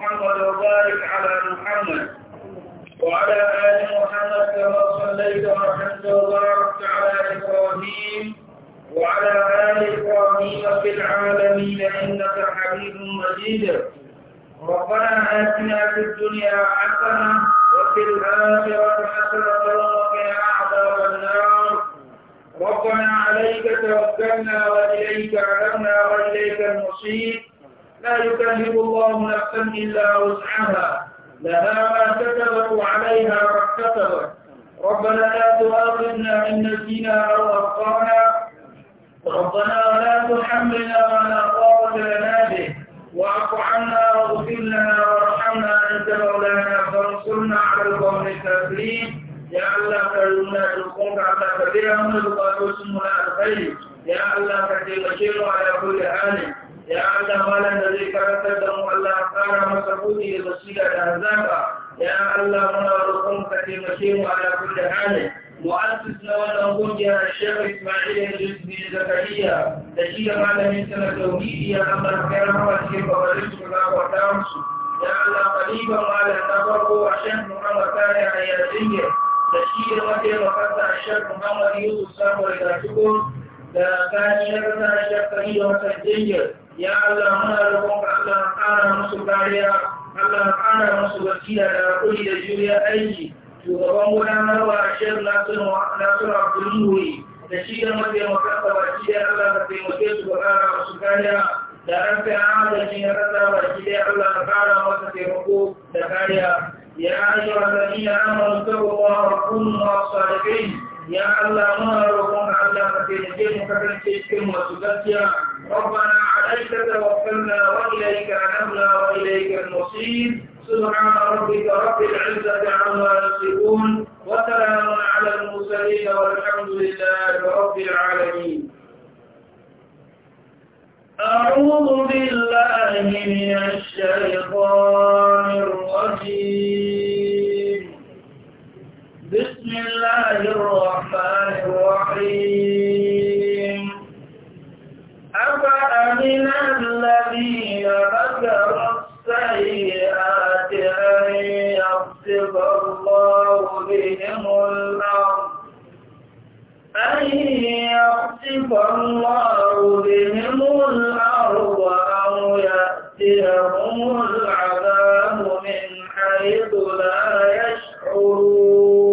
محمد وبارك على محمد وعلى آل محمد كما صليت ورحمت وباركت على إبراهيم وعلى آل إبراهيم في العالمين إنك حميد مجيد ربنا آتنا في الدنيا حسنة وفي الآخرة حسنة وقنا عذاب النار ربنا عليك توكلنا وإليك علمنا وإليك المصير لا يكلف الله نفسا إلا وسعها لها ما كتبت وعليها ما كتبت ربنا لا تؤاخذنا إن نسينا أو أخطأنا ربنا لا تحملنا ما لا طاقة لنا به واعف عنا واغفر لنا وارحمنا أنت مولانا فانصرنا على القوم الكافرين يا الله كرمنا تلقون على كبيرهم القادوس من الخير يا الله كثير على كل حال ya Allah malam da zai karantar da mu Allah kara masa buɗi da basira da hazaka ya Allah muna roƙon ka taimake mu ala kulli hali مؤسس لولا وجه الشيخ إسماعيل الجزمي زكريا تشير على من سنة توحيدية أما الكرم والشيخ ورزق الله وتامس يا الله قريبا على النظر وشيخ محمد ثاني عيادية تشير وجه وقت الشيخ محمد يوسف صابر إلى شكر ثاني شيخ ثاني شيخ قريبا وسجية ya Allah muna roƙon Allah ƙara musu kariya Allah ƙara musu wakila da kuli da juriya aiki shugaban gudanarwa a shirin nasiru abdulluri da shi da ba shi da Allah ka taimake su ka ƙara musu kariya da an ya shi ya rasa shi da Allah ka ƙara masa taimako da kariya ya ayyuhal ladina amanu taqullaha wa kunu ma'as-sadiqin يا الله ما ربنا على نتيجه مكتنسي كم وسجدتيا ربنا عليك توكلنا وإليك أنبنا وإليك المصير سبحان ربك رب العزة عما يصفون وسلام على المرسلين والحمد لله رب العالمين أعوذ بالله من الشيطان الرجيم بسم الله الرحمن الرحيم أفأمن الذين مكروا السيئات أن يخسف الله بهم الأرض أن يخسف الله بهم الأرض أو يأتيهم العذاب من حيث لا يشعرون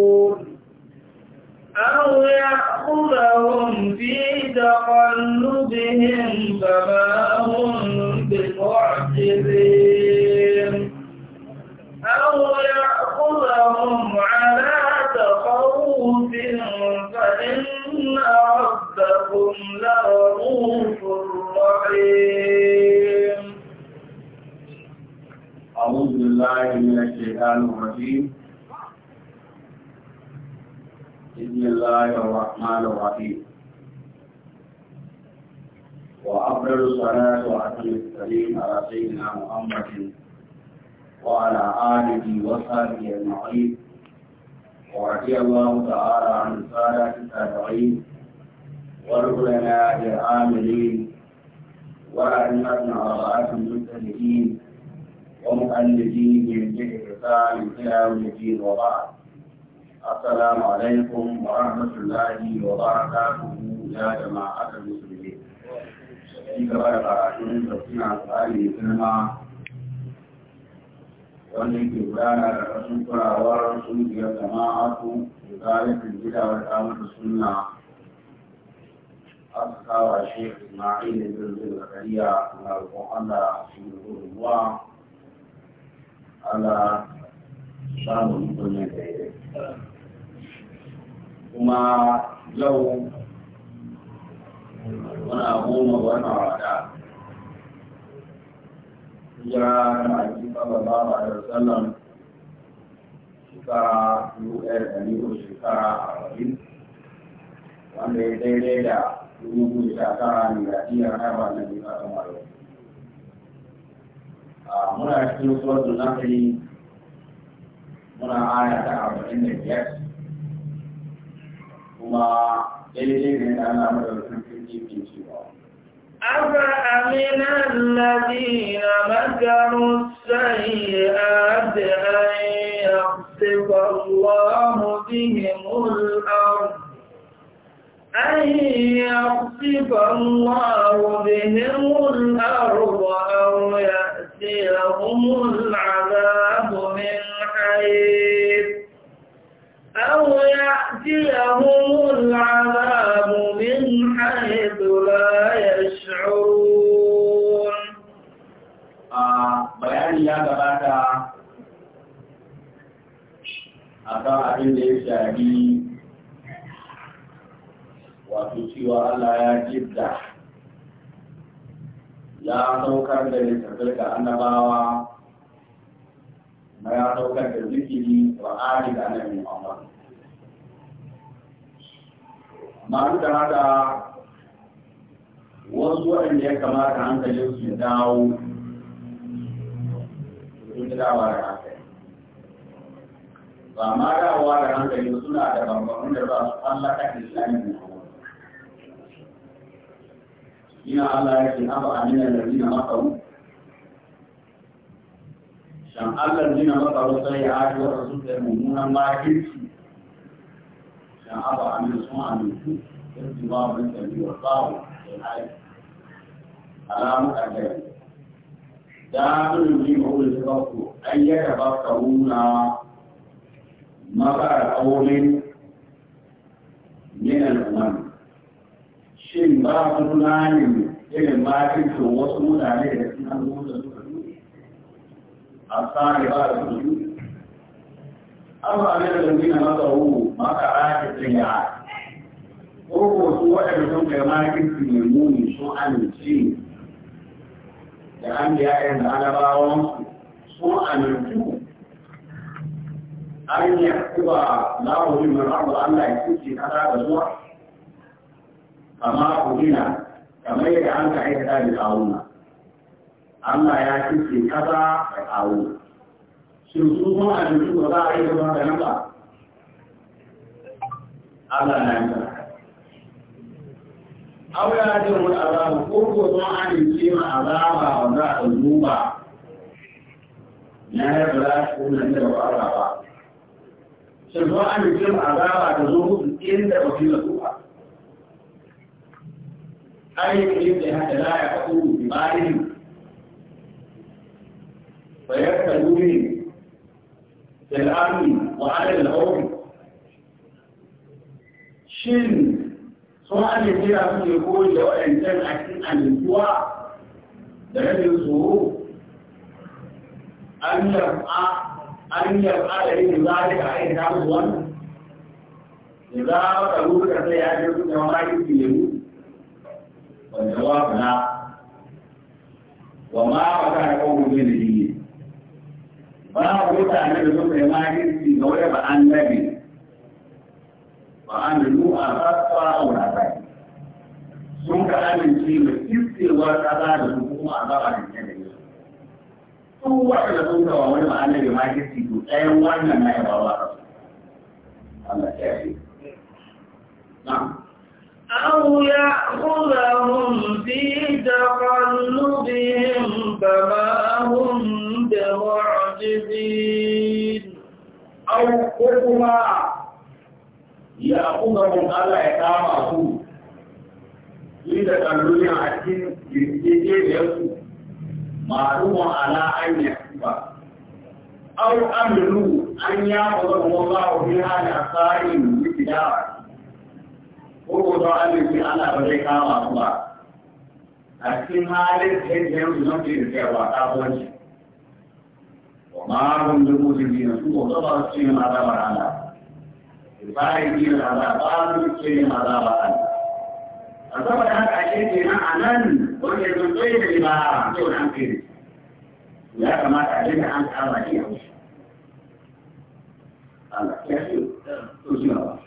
السلام عليكم ورحمة الله وبركاته يا جماعة المسلمين. في كبار قراتين تفسير القرآن الكريم والذي كان الرسول صلى الله عليه وسلم يا جماعة وذلك البدع والأمر السنة أصحاب الشيخ إسماعيل بن زكريا الله سبحانه الله على شامل من kuma yau muna goma wata wata hijira na aiki sallallahu alaihi wasallam shekara da ɗari shekara a arba'in wanda ya daidai da dubu biyu da tara miladiyar haihuwa na biyu a muna cikin na nahl muna aya ta arba'in da biyar kuma daidai ne da Allah madaukakin sarki cewa أفأمن الذين مكروا السيئات أن يخسف الله بهم الأرض أن يخسف الله بهم الأرض أو يأتيهم العذاب من حيث أو يأتيهم العذاب من حيث لا يشعرون bayani ya gabata a kan abin da ya shafi wato cewa Allah ya jibda ya ɗaukar da littattafai ga annabawa na ya daukar da zikiri wa ali da annabi Muhammad amma duk da haka wasu waɗanda ya kamata hankalin su dawo sun ji dawa da hankali ba ma dawowa da hankali suna da bambam da ba su allaka islamin Muhammad ina Allah ya ce haba amina da zina makaru dan Allah nuna maka wata ya haɗe wata suka yi mummunan makirci dan aba amin sun amintu yadda ba wani ɗari wa bawo da haɗe alamu a gari da ɗin yi ma'ulun suka ku an yadda ba ka wuna maka al'aunin minan umar shin ba su tunanin irin makircin wasu mutane da sun hannu da su الصالحات أما من الذين مكروا مكرات السيئات وهو سوء لهم كما كنت يمون سوءا الشيء لأن يا إن أنا باوم سوءا الشيء أن يحكم الله من الأرض أن لا يكون هذا بسوء كما قلنا كما يجعلك عيسى بالقارون Allah ya ce kaza ka kawo shin su kuma a jikin ba za a yi zama da nan ba Allah na yi Aure ya ce wani azaba ko ko don amince ma azaba wanda a zuba na yi ba za su kuna da ba ba shin don amince ma azaba ta zo musu inda ba fi da ba أي يبدأ هذا لا يقول ببالهم فيركبوا لي في الأمن وعلى العرف shin sun amincewa suke koyi da waɗancan a cikin amintuwa da rabin tsoro an yar'a an yar'a da yin zaɗi a yin damu wani da za a wata rubuta sai ya ce suka mamakin filayu wanda wa fana wa ma ba ta da kawo ne ba mutane da suka yi mahirci ga wani ba an nabi ba an nu a rasa a wurare sun ka amince da kistewar kasa da su kuma a zaba da ke da yau sun waɗanda sun kawo wani ba an nabi mahirci to ɗayan wannan na yaba ba Allah ya yi na'am أو يأخذهم في تقلبهم فما هم بمعجزين ajizin au ko kuma ya kuma mun Allah ya kama su yi da kalluya a cikin jirgin da yasu masu ma'ana an yi ba au amiru an ya kuma kuma ba a wani hana tsarin gida ko kuma amiru ana ba zai kama su ba a cikin halin da yanzu zan ke da ke wata kuwanci وما هم بالمسلمين سوء طبعا فيهم عذاب على الباقين العذاب قالوا فيهم عذاب على فطبعا هذا شيء معنى وهي من غير العبارة دون نعم عن كده لا كما تعلم عن حرمتها الله كافي نعم. تسمع الله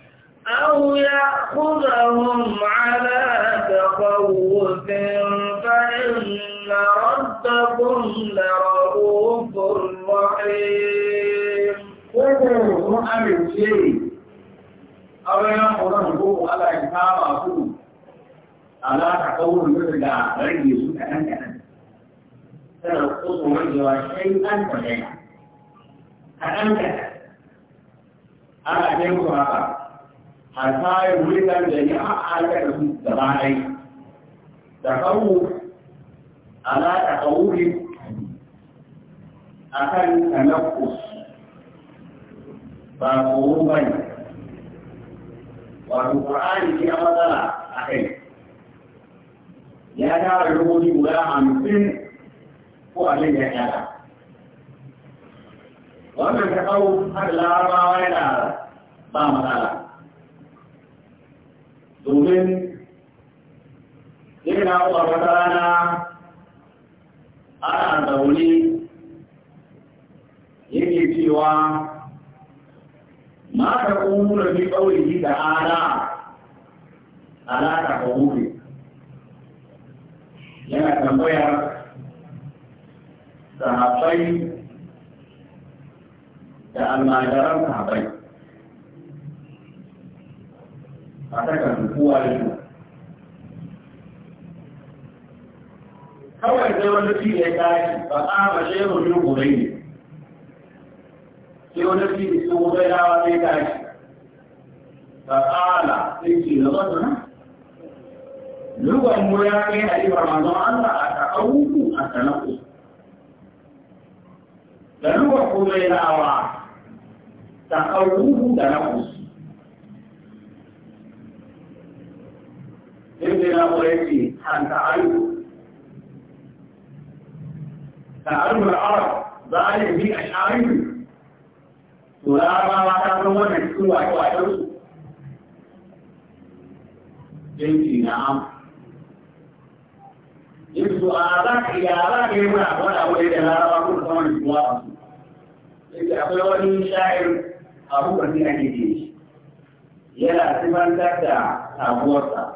أو يأخذهم على تخوف فإن ربكم لرؤوف رحيم قولوا مؤمن شيء أو يأخذهم على إنكار على تخوف مثل غير يسوع أنت فنقص من شيئا فشيئا أنت أنا أجيبك هذا hatta ya wuri kan da ya haɗa da su da bayan da kawo ala da kawuri a kan tanakus ba tsoro ba ne wato ƙur'ani ke a matsala a kai ya tara rubuci guda hamsin ko abin da ya tara wannan ta kawo har larabawa yana ba matsala domin yana kuwa wata rana ana zaune yake cewa ma ta ƙunura bi yi da ala alaka ko wuri yana tambayar sahabbai da almajaran sahabbai ataka kuwa yau kawai sai wani fi ya tashi ba a ba shi yau biyu gurai ne sai wani fi da su gurai rawa sai tashi ba ala sai ce da zasu na lugan mu ya kai halibar manzon Allah a ta'awuku a sanaku da lugan kuma ya rawa ta'awuku da nakusu sai na kuma yake an ta'aru ta'aru da arab za a yi bi a shari'u to larabawa ta san wannan cikin waƙe-waƙensu yanki na am yanzu a za ka iya za ka yi muna wani abu da laraba kuma sama da kuma a su yanzu akwai wani sha'ir abu da ake ke shi yana sifantar da sabuwarsa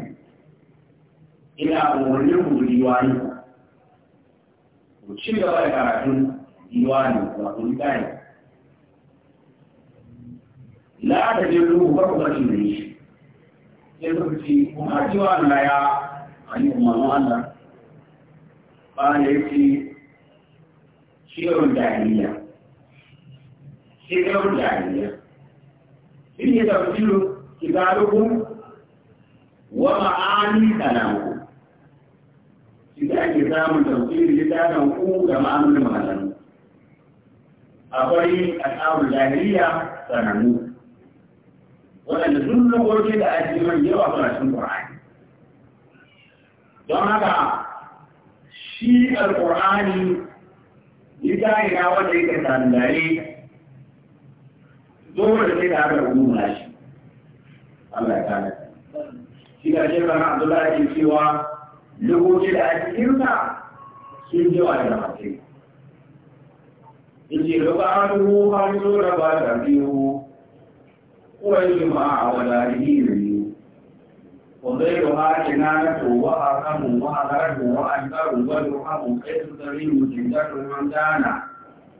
ina umarnin ku diwani ku ci gaba da karatun diwani wato litani la ta je ruhu ba ku bashi da shi sai suka ce kuma diwani na ya an yi umarnin Allah ba da ya ce shirin jahiliya shirin jahiliya shi ne tafsiru kitabukun wa ma'ani kalamu da ake samun tafsiri littafin ku da ma'amalin malamu akwai al'adun lahiriya sanannu waɗanda sun lokoki da ake mai yawa suna cin ƙur'ani don haka shi alƙur'ani littafi na wanda yake sandare zuwa da sai da haka umuna shi Allah ya kare shi ga shekara Abdullahi cewa lokacin da a cikinsa sun ji wa da mace. Ice rufa an ruwa an so da ba da biyu, yi ma a wada biyu. Wazai da ha ke na na towa a kamun wa a zarar wa an zaru wa da ha mun kai su tsari mutum da tunan dana.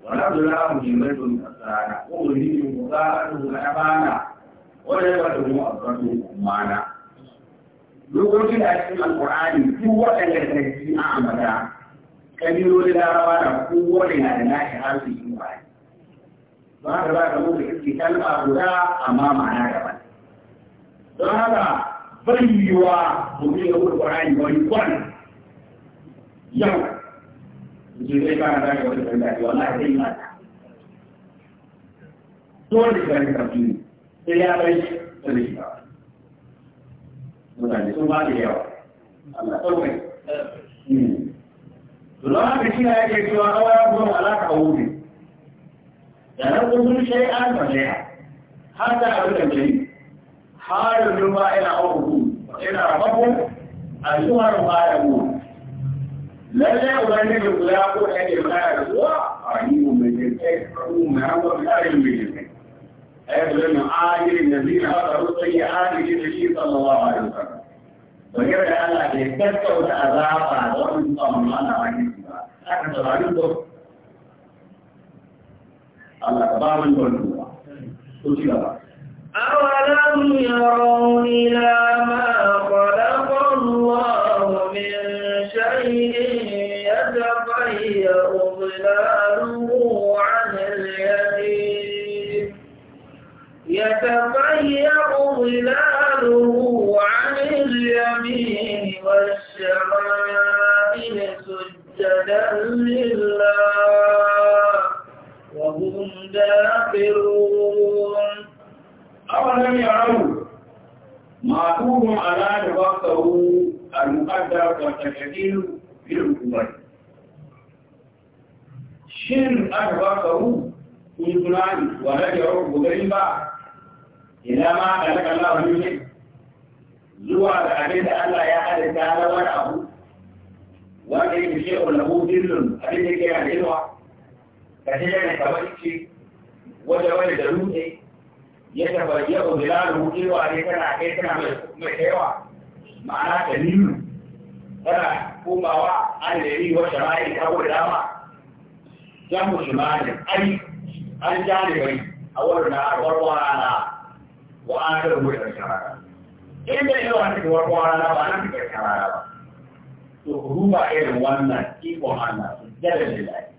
Wala zura mu jimai sun tsara, ko wani yin kusa a tunan bana, wani ba da mu a dokokin da cikin alkur'ani duk waɗanda sarki a amata kabilolin larabawa da kowane na da nashi harsun yin bayan don haka za ka mutu iske kalma guda amma ma'ana daban don haka bayyawa domin ya wuce ƙwararri wani kwan yau je zai kana za ka wani kanta ke wani ake yi mata dole shi ne sai ya bai shi da shi ba mutane sun ba da yawa Allah tsaukai Zuwa haka shi na yake cewa rawa ya kuma alaka a wuri. Da na kusur shai an fashe har da abin da ke har da ruwa ina auku ina rababu a zuwa ruwa da mu. Lallai ubangiji guda ko da yake mana da zuwa a yi mu mai jirkai ko mu hawa mu tare mu jirkai. Ayyukan ajirin da zina haka rusayya ajirin da shi sallallahu alaihi wasallam. Bagaimana da Allah bai tattauta azaba da wani tsamma na wani ba. Aka saurari ko. Allah ka ba mu wani ba. Ko ci gaba. أولم يروا إلى ما خلق الله من شيء يتغير ظلاله عن اليمين يتغير ظلاله عن اليمين والشمائل سجدا لله وهم داخرون أولم يروا معقوم على نفسه المقدر والتشكيل في الحكومة شن أدبره كل فلان ولا يروا بغيبا إلى ما خلق الله منه zuwa ga abin da Allah ya halitta na wani abu wanda yake shi a lahu dillun abin da ke yana ilwa ka shi yana kamar ce wajen wani da rute ya tabbaye ko bilalu ilwa ne tana kai tana mai kaiwa ma'ana ta nilu tana kumawa an da yi wa shama'i ta wuri dama jan musulmani ai an jani bai a wurin na arwarwa na wa'adar da shama'i in da yawa ta kawar kwana ba na fitar karara ba to ruba irin wannan ikon Allah su jada da lafi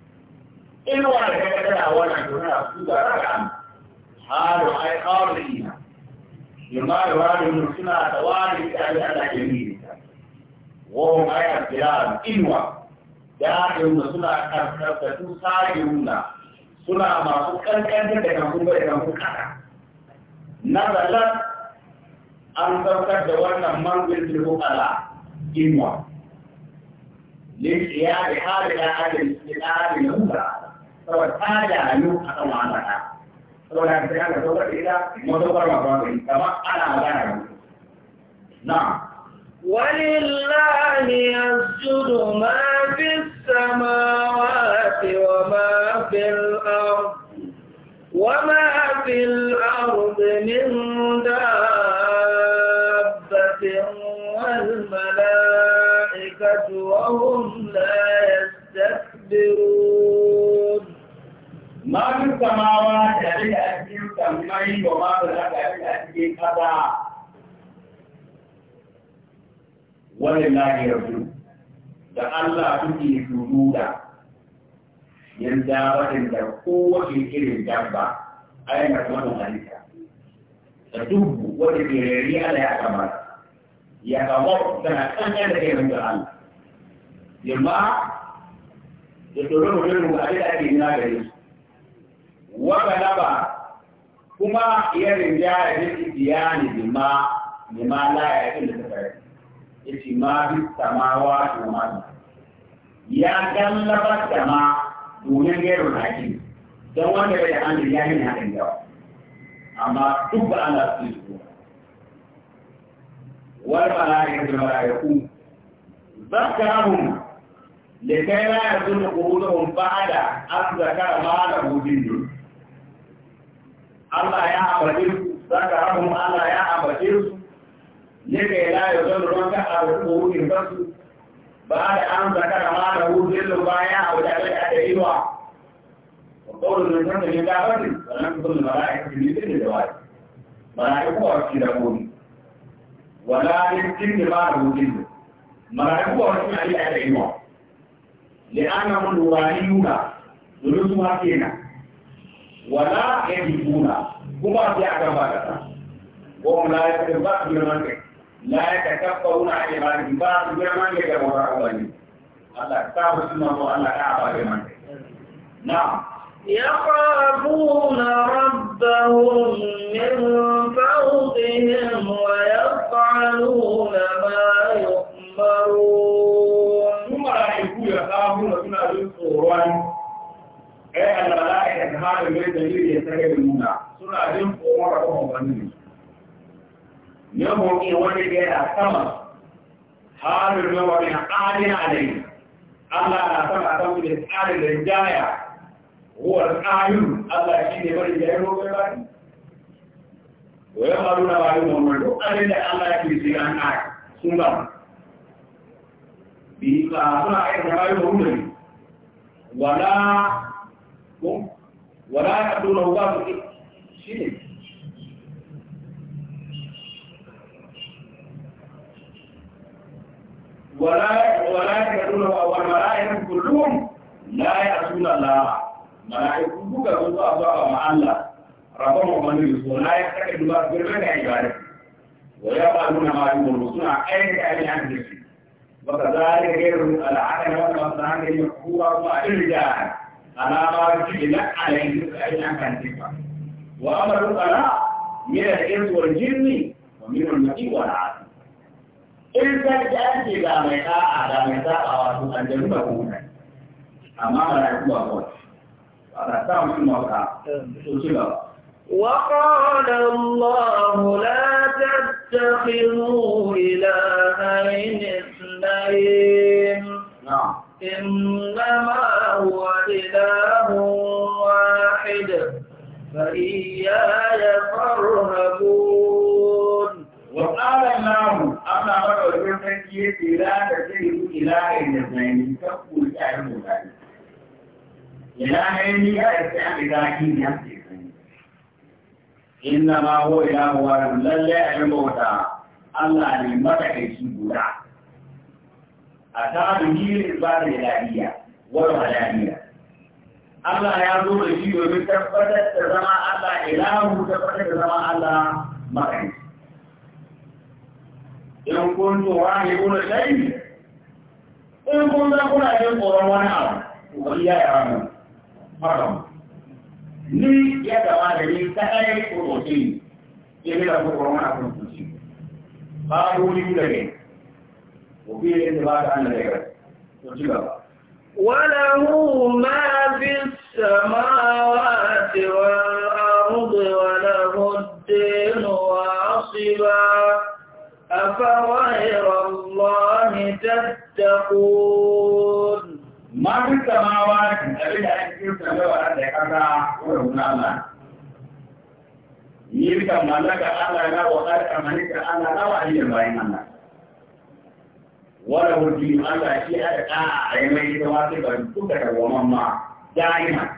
in wani ka kadara wannan to na su ga raka halu ai qawlina yamma da wani suna da wani da Allah ke yi ta wa ma ya bilal inwa da da suna karkar su sai yuna suna masu kankan da kan kuma da kan kuma nazalat an saukar da wannan manzil fil bukala inwa lil iyali hali da ajin istidari na umra saboda ta jayu a kan wannan ta saboda ta ga saukar da ita mazaukar mazaukar kamar ana magana da na ولله يسجد ما في السماوات وما في الأرض وما في الأرض من دار ma duk samawa da da a cikin samai wa ma da haka da a cikin kaza wannan lahi da Allah kuke sujuda yan dabarin da kowace irin dabba ai na wannan halitta da dubu wanda ke rari Allah ya kamata ya kamo tana kankan da kai da Allah yamma da tsoron mutum da abin da ake nuna gare su وغلبا kuma ya rinja ya yi biya ne bi ma ne ma la ya yi da tafari ya ce ma bi samawa da ma ya gallaba da ma domin gero na ake don wanda bai da an ya yi na kan yawa amma duk ba ana su yi wal mala'ika da mala'iku zakarahum da kai la yazunu quluhum ba'da an zakara ma la hudin Allah ya ambace su zaka rahun Allah ya ambace su yake zan ruwan ka a rukunin basu ba da an zakara ma da hujjin baya abu da ya da iwa وقول من كان يدعوني فلم تكن الملائكة في مثل الجواب da وكيدكوني ولا يمكن بعده جنه ملائكة وكيدكوني لأنهم الواليون ذنوبها فينا ولا يجدون كما في أكبر وهم لا يتكبرون من لا يتكبرون عن عبادة بعض من من يجبر أولي الله كتاب سنة الله كعب من نعم يخافون ربهم من فوقهم ويفعلون ما يؤمرون ثم لا يكون يخافون من الصوران ai alwala ya ta kama da mai dalili ya sake da nuna suna jin kowa da kuma wani ne ya hoki wani da yana sama halin na wani adina alai Allah na sama a kan da tsarin da jaya huwa tsarin Allah shi ne bari ya yi roƙe ba ne wa ya faru na bayan mamman duk da Allah ya ke sai an ƙari sun ba bi ba suna aikata bayan mamman wala ko wala ya dole ba su shi ولا ولا يكون والملائكة كلهم لا يعصون الله ملائكة كلهم أبوا مع الله ربهم من يقول لا يكتب الله برمنا عبادة ويقالون ما يقولون سنة أي كان يعمل وكذلك العالم والمصنع يحكوا الله الرجال alama jibila alayhi da ayi an kan tifa wa amaru qala min al-ins wal jinni wa min al-mati wal in ka ji an ce ga mai da'a da mai da'a wa su an amma ba ba وقال الله لا تتخذوا إلهين اثنين نعم إنما هو إله واحد فإياي فارهبون وقال الله أما مرة جمعك لا تجد إله الاثنين تقول تعلم ذلك إلهين لا يستعمل ذاكين نفسه إنما هو إله واحد لا يعلم الله الله لمتك يسيبه أتعب جيل إثبات الإلهية والوحدانية الله يعذر الشيء وبتثبت زمان الله إله وتثبت زمان الله مكان إن كنت راهبون شيء إن كنت كنا في القرآن وأنا وإياي رحمه مرحبا ni ya gabata ne ta ɗaya kurkuce ne ya bi da kurkuce ba a wuri da ne وله ما في السماوات والأرض وله الدين واصبا أفغير الله تتقون ما في السماوات أبدا أن يسمعوا أتكاكا ورهنا الله يلك ملك الله لا وقال كملك الله لا وعلي البعين ولا هدي الله شيء أدقى علمي تواتبا تكتر ومما دائما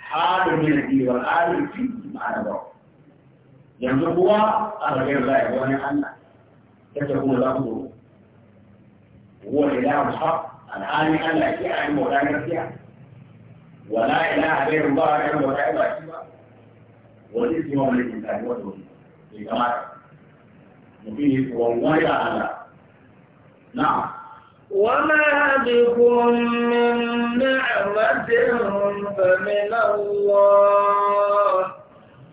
حال من الدين والآل في معنى بعض ينظر أرجع الله وانا أنا تتكون الأمر هو الإله الحق الآن أنا شيء أعلم ولا نفسي ولا إله غير الله أعلم ولا إله سواه والاسم هو الذي كان هو التوحيد في كمال يقول والله لا أعلم نعم وما بكم من نعمة فمن الله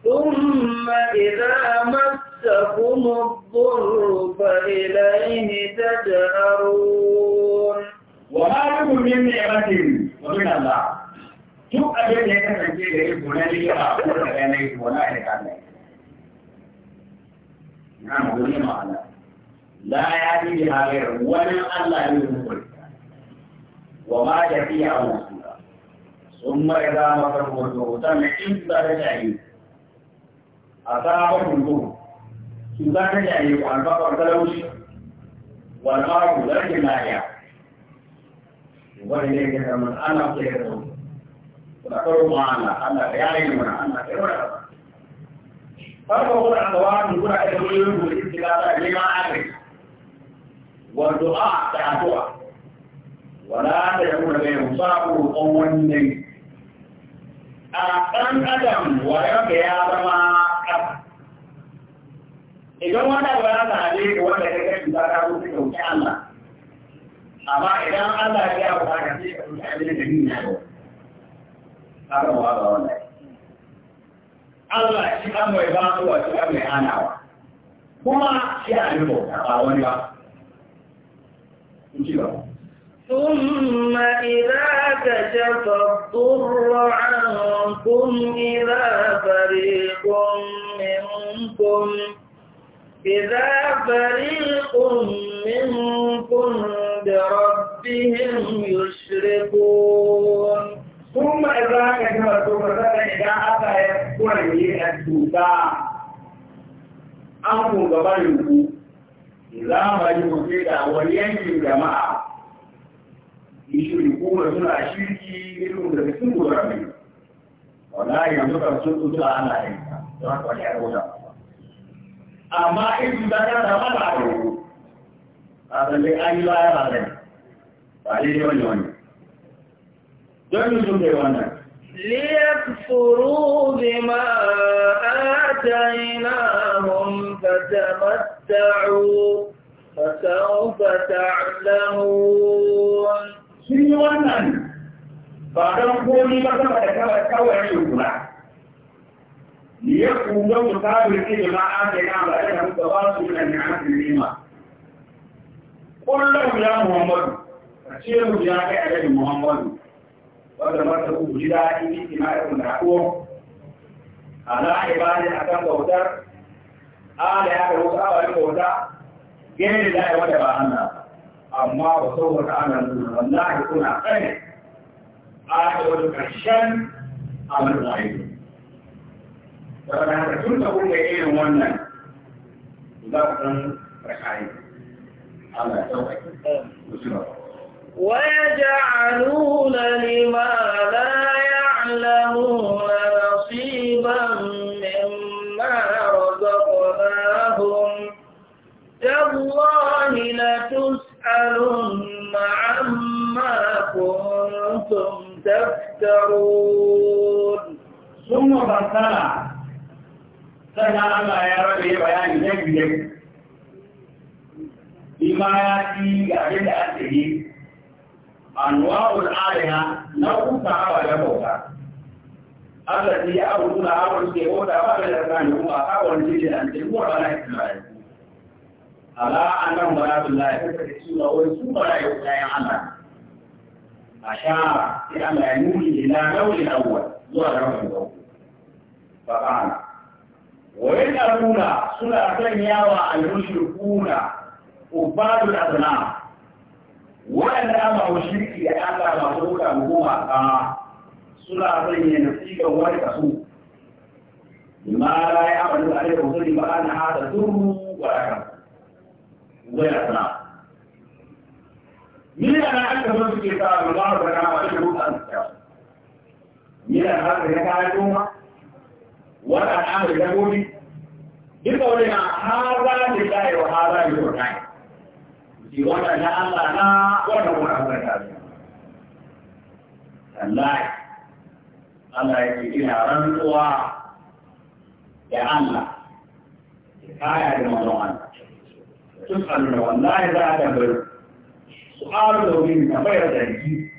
ثم إذا مسكم الضر فإليه تجأرون وما بكم من نعمة ومن الله duk abin da ya kasance da ya gona ne لا يأتي بها غيره ولا الله يقول وما يأتي أو ثم إذا تم وجهه سمع بعد شعيب أصابه النور سبحان شعيب والبقر كالوش والأرض لكن لا يعلم وإليك من أنا خير وذكروا معنا أن بياننا أن خير فرقوا الأدوات من كل أدوية والاستغاثة بما أدري والدعاء تعطوا ولا تكون بينهم صابر قوم أن أدم ويوم قيامة idan wanda ba ya zaɓe wanda ya kai ba ta wuce ɗauki Allah amma idan Allah ya ba ka ce ka ɗauki abin da ni na yau haka ba ba wannan Allah shi an mai ba su wa shi an mai hanawa kuma shi a yi bauta ba wani ba ثم إذا كشف الضر عنكم إذا فريق منكم إذا فريق منكم بربهم يشركون ثم إذا كشف الضر إذا أتى يكون لي السوداء أنكم Za zamani mutu da wani yankin jama'a ishiri kuma suna shirki irin da sun gura mai wallahi yanzu kan sun tutu a ana yin ta don haka wani yaro da amma in da ka da mata a yau a tsalle an yi laya ba zai ba ne ne wani wani don yi sun kai wannan ليكفروا بما آتيناهم فتمت تمتعوا فسوف تعلمون شيء wannan ba don komi ba sama da kawai kawai ne kula ya kuma mu tabi ce ma an da ya ba da mu ba su da ni an rima kullum ya muhammadu a ce mu ya kai alai muhammadu wanda ba ta ku jira in ni ma da ku ala a kan bautar قال يا ابو صلاه عليه وسلم جيل لا يوجب عنا اما وصوه تعالى والله يكون اقل قال يقول كرشان امر غايب فمن هذا كنت اقول لك ايه هو انا ذكرا رحايب على ويجعلون لما لا يعلمون لتسألن عما كنتم تفترون ثم فصل سنة الله يا ربي بيان جنبك بما يأتي عند أسره أنواع الآلهة نوع تعالى يبوكا التي أبونا أبونا أبونا أبونا أبونا أبونا أبونا الله أبونا أبونا أبونا ala annan baratullahi kaka da cewa wai su barayi bayan Allah ashara sai Allah ya nuni ila rawi awwal zuwa rawi awwal fa kana wa yaquluna suna sanyawa al-mushrikuna ubadul asnam wa'anda amma mushriki da Allah ba su ka hukuma ka suna sanya nasiban wani kaso bima la ya'malu alaihi wa sallam ana hada duru wa rakam ويعطى من أنا أنت من الكتاب الله تعالى وإنه أنت من هذا يتعلم ولا أعمل يقولي بقولنا هذا لله وهذا للقرآن في وضع لا الله لا ولا هو أمر الله الله يجعلنا رنوا يا الله كفاية لموضوعنا تسأل لو والله لا أعتبر سؤال لو من كفاية تأتي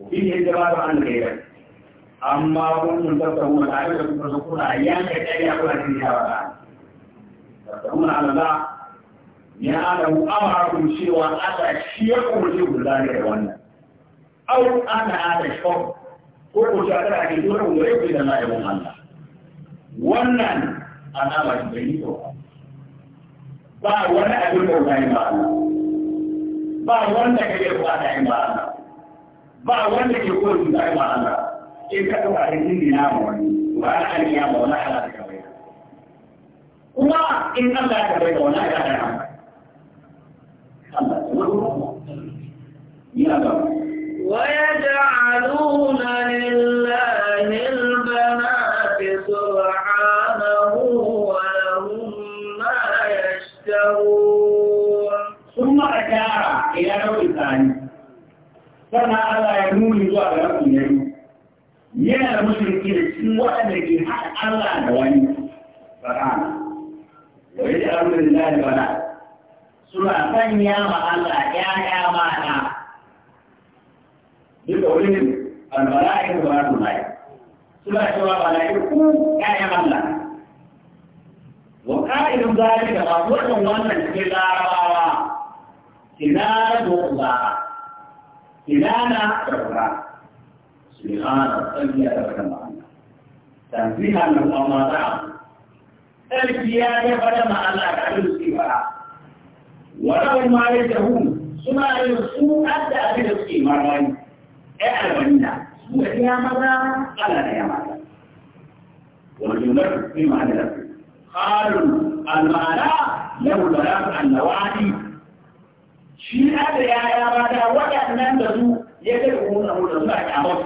وفيه الجواب عن غيره أما كنتم تفتحون العيب وترزقون أيام كتاب يقول فيها ولا تفتحون على الله لأنه أمركم شيء وأتى الشيء ويجيب ذلك وأنا أو أنا هذا الشر ko ta tara ke dole mu yi da na yabon Allah wannan ana ba shi bai to ba wani abin bauta in ba ba wanda ka yi bukata in ba ba wanda ke kodin ta in ba Allah in ka ɗauka da jini na ma wani ba na an yi ba wani ala ka bai kuma in Allah ka bai da wani ala ka bai Allah ya wani yana da ويجعلون لله sannan Allah ya nuni zuwa ga rafin ya yi yana da mushriki da cikin waɗanda ke haɗa Allah da wani barana da yake abin da zai bana suna sanya ma Allah ƴaƴa mana duk da wani albala'in da ba su mai suna cewa bala'iku ƴaƴan Allah wa ka'idun zalika ba wannan wannan cikin larabawa kinara da Allah إنانا كرنا سبحان ربي ربنا تنزيها من الله تعالى الكيانة فلما الله تعالى استفاء ولو ما يجهون سمع السوء أدى أبي السوء مرين أعلمنا سوء يا مدى ألا يا مدى والجملة في معنى قالوا المعنى لو بلغ أن وعدي shi na da yaya mata waɗannan da su ya kai kuma na mutum suna kyamar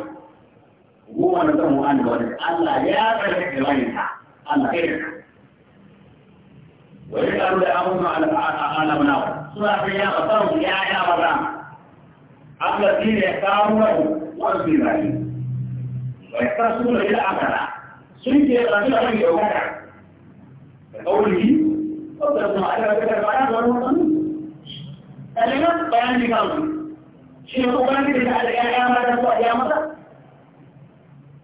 goma na zan wa'an da wani Allah ya tsarki da wani ta Allah kai da wani karu da abubuwa al'ala mana suna ta ya ba samu yaya maza Allah shi ne ya kawo rahu wani su zai bai sa su da ila akara sun ke rasu da wani yaukata da kauli ko da kuma ala da kada ba ya zama wani sannan bayani ga mu shi ne kokarin da ta da ƴaƴa mata ko aya mata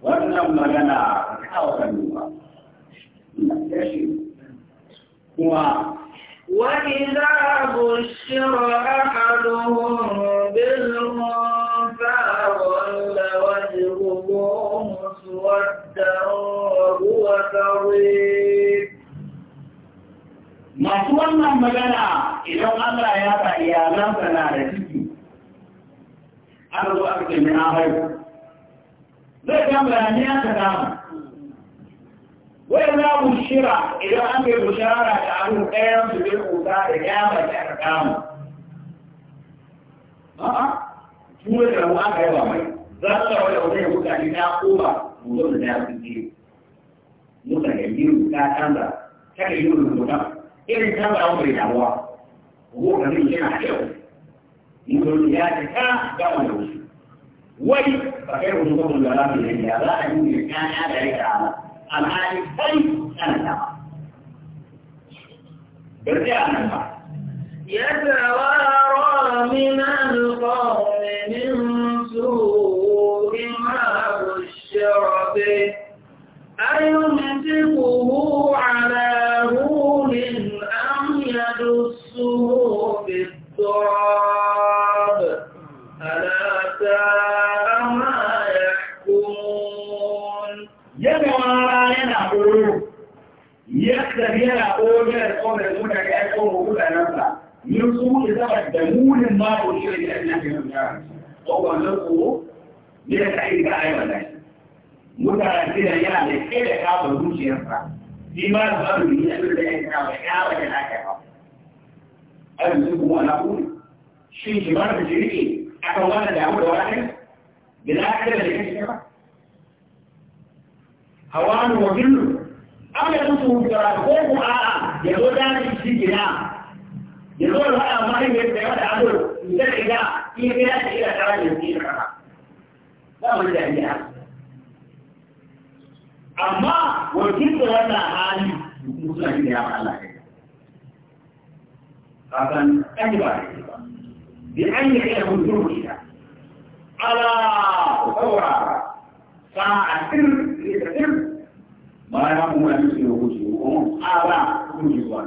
wannan magana kawo kan nuna kuma وإذا بشر أحدهم بالأنثى ظل وجهه مسودا وهو كظيم masu wannan magana idan Allah ya sa iyalansa na da ciki an zo aka ce mai haihu zai kan bayani ya ta dama wai za mu shira idan an kai bushara da abin ɗayan su bin kusa da kyamar da aka kama a'a tura da ramu aka yaba mai za su da wani wani mutane ta koma mu zo da ya fi biyu mutane biyu ta canza ta kai yi mutum irin tabawa mai damuwa goga min yana kyau mutum ya ta ta gama da wasu wai ba kai wasu kwakwan da za su yi ya za a yi da kaya da ya kama alhali kai ana dama bai a nan ba يتوارى من القوم من سوء ما بشر به yana ƙoƙarar ƙonar suka ga ya ƙonar mutanensa yin su da zama da munin ma ko shi ne da ina kai mutane ko wannan ko ne da kai ga ayi wallahi mutane da yana da kai da kafa zuciyarsa shi ma da babu ni da da ya kafa ya ba da haka ba ai su kuma na ku shi shi ma da shi ne akan wannan da abu da wani bila haka da kai ba hawan wa billu ana musu gara ko ku a ya zo da ni shi gina ya zo da hada mai ne da wanda ado da ida in ya da ida tara ne shi ka ba mun da ya amma wakin da wannan hali musulmi ne ya Allah ya kakan kan ba bi an yi ya mun duru ida ala saura sa'atir ita bayan haka muna yi suna hukunci hukumun tsara hukunci zuwa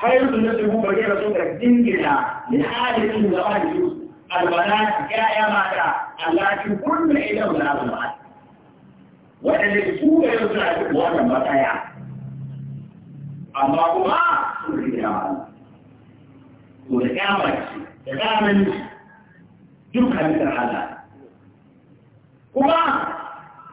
har yanzu na sun kuma gina sun ka dingina da halin da ba da su albana ya'ya mata allakin kunna idan na zama waɗanda su da yau suna cikin wannan matsaya amma kuma sun rike da ma'ana to da kyamar da zamani duk halittar Allah kuma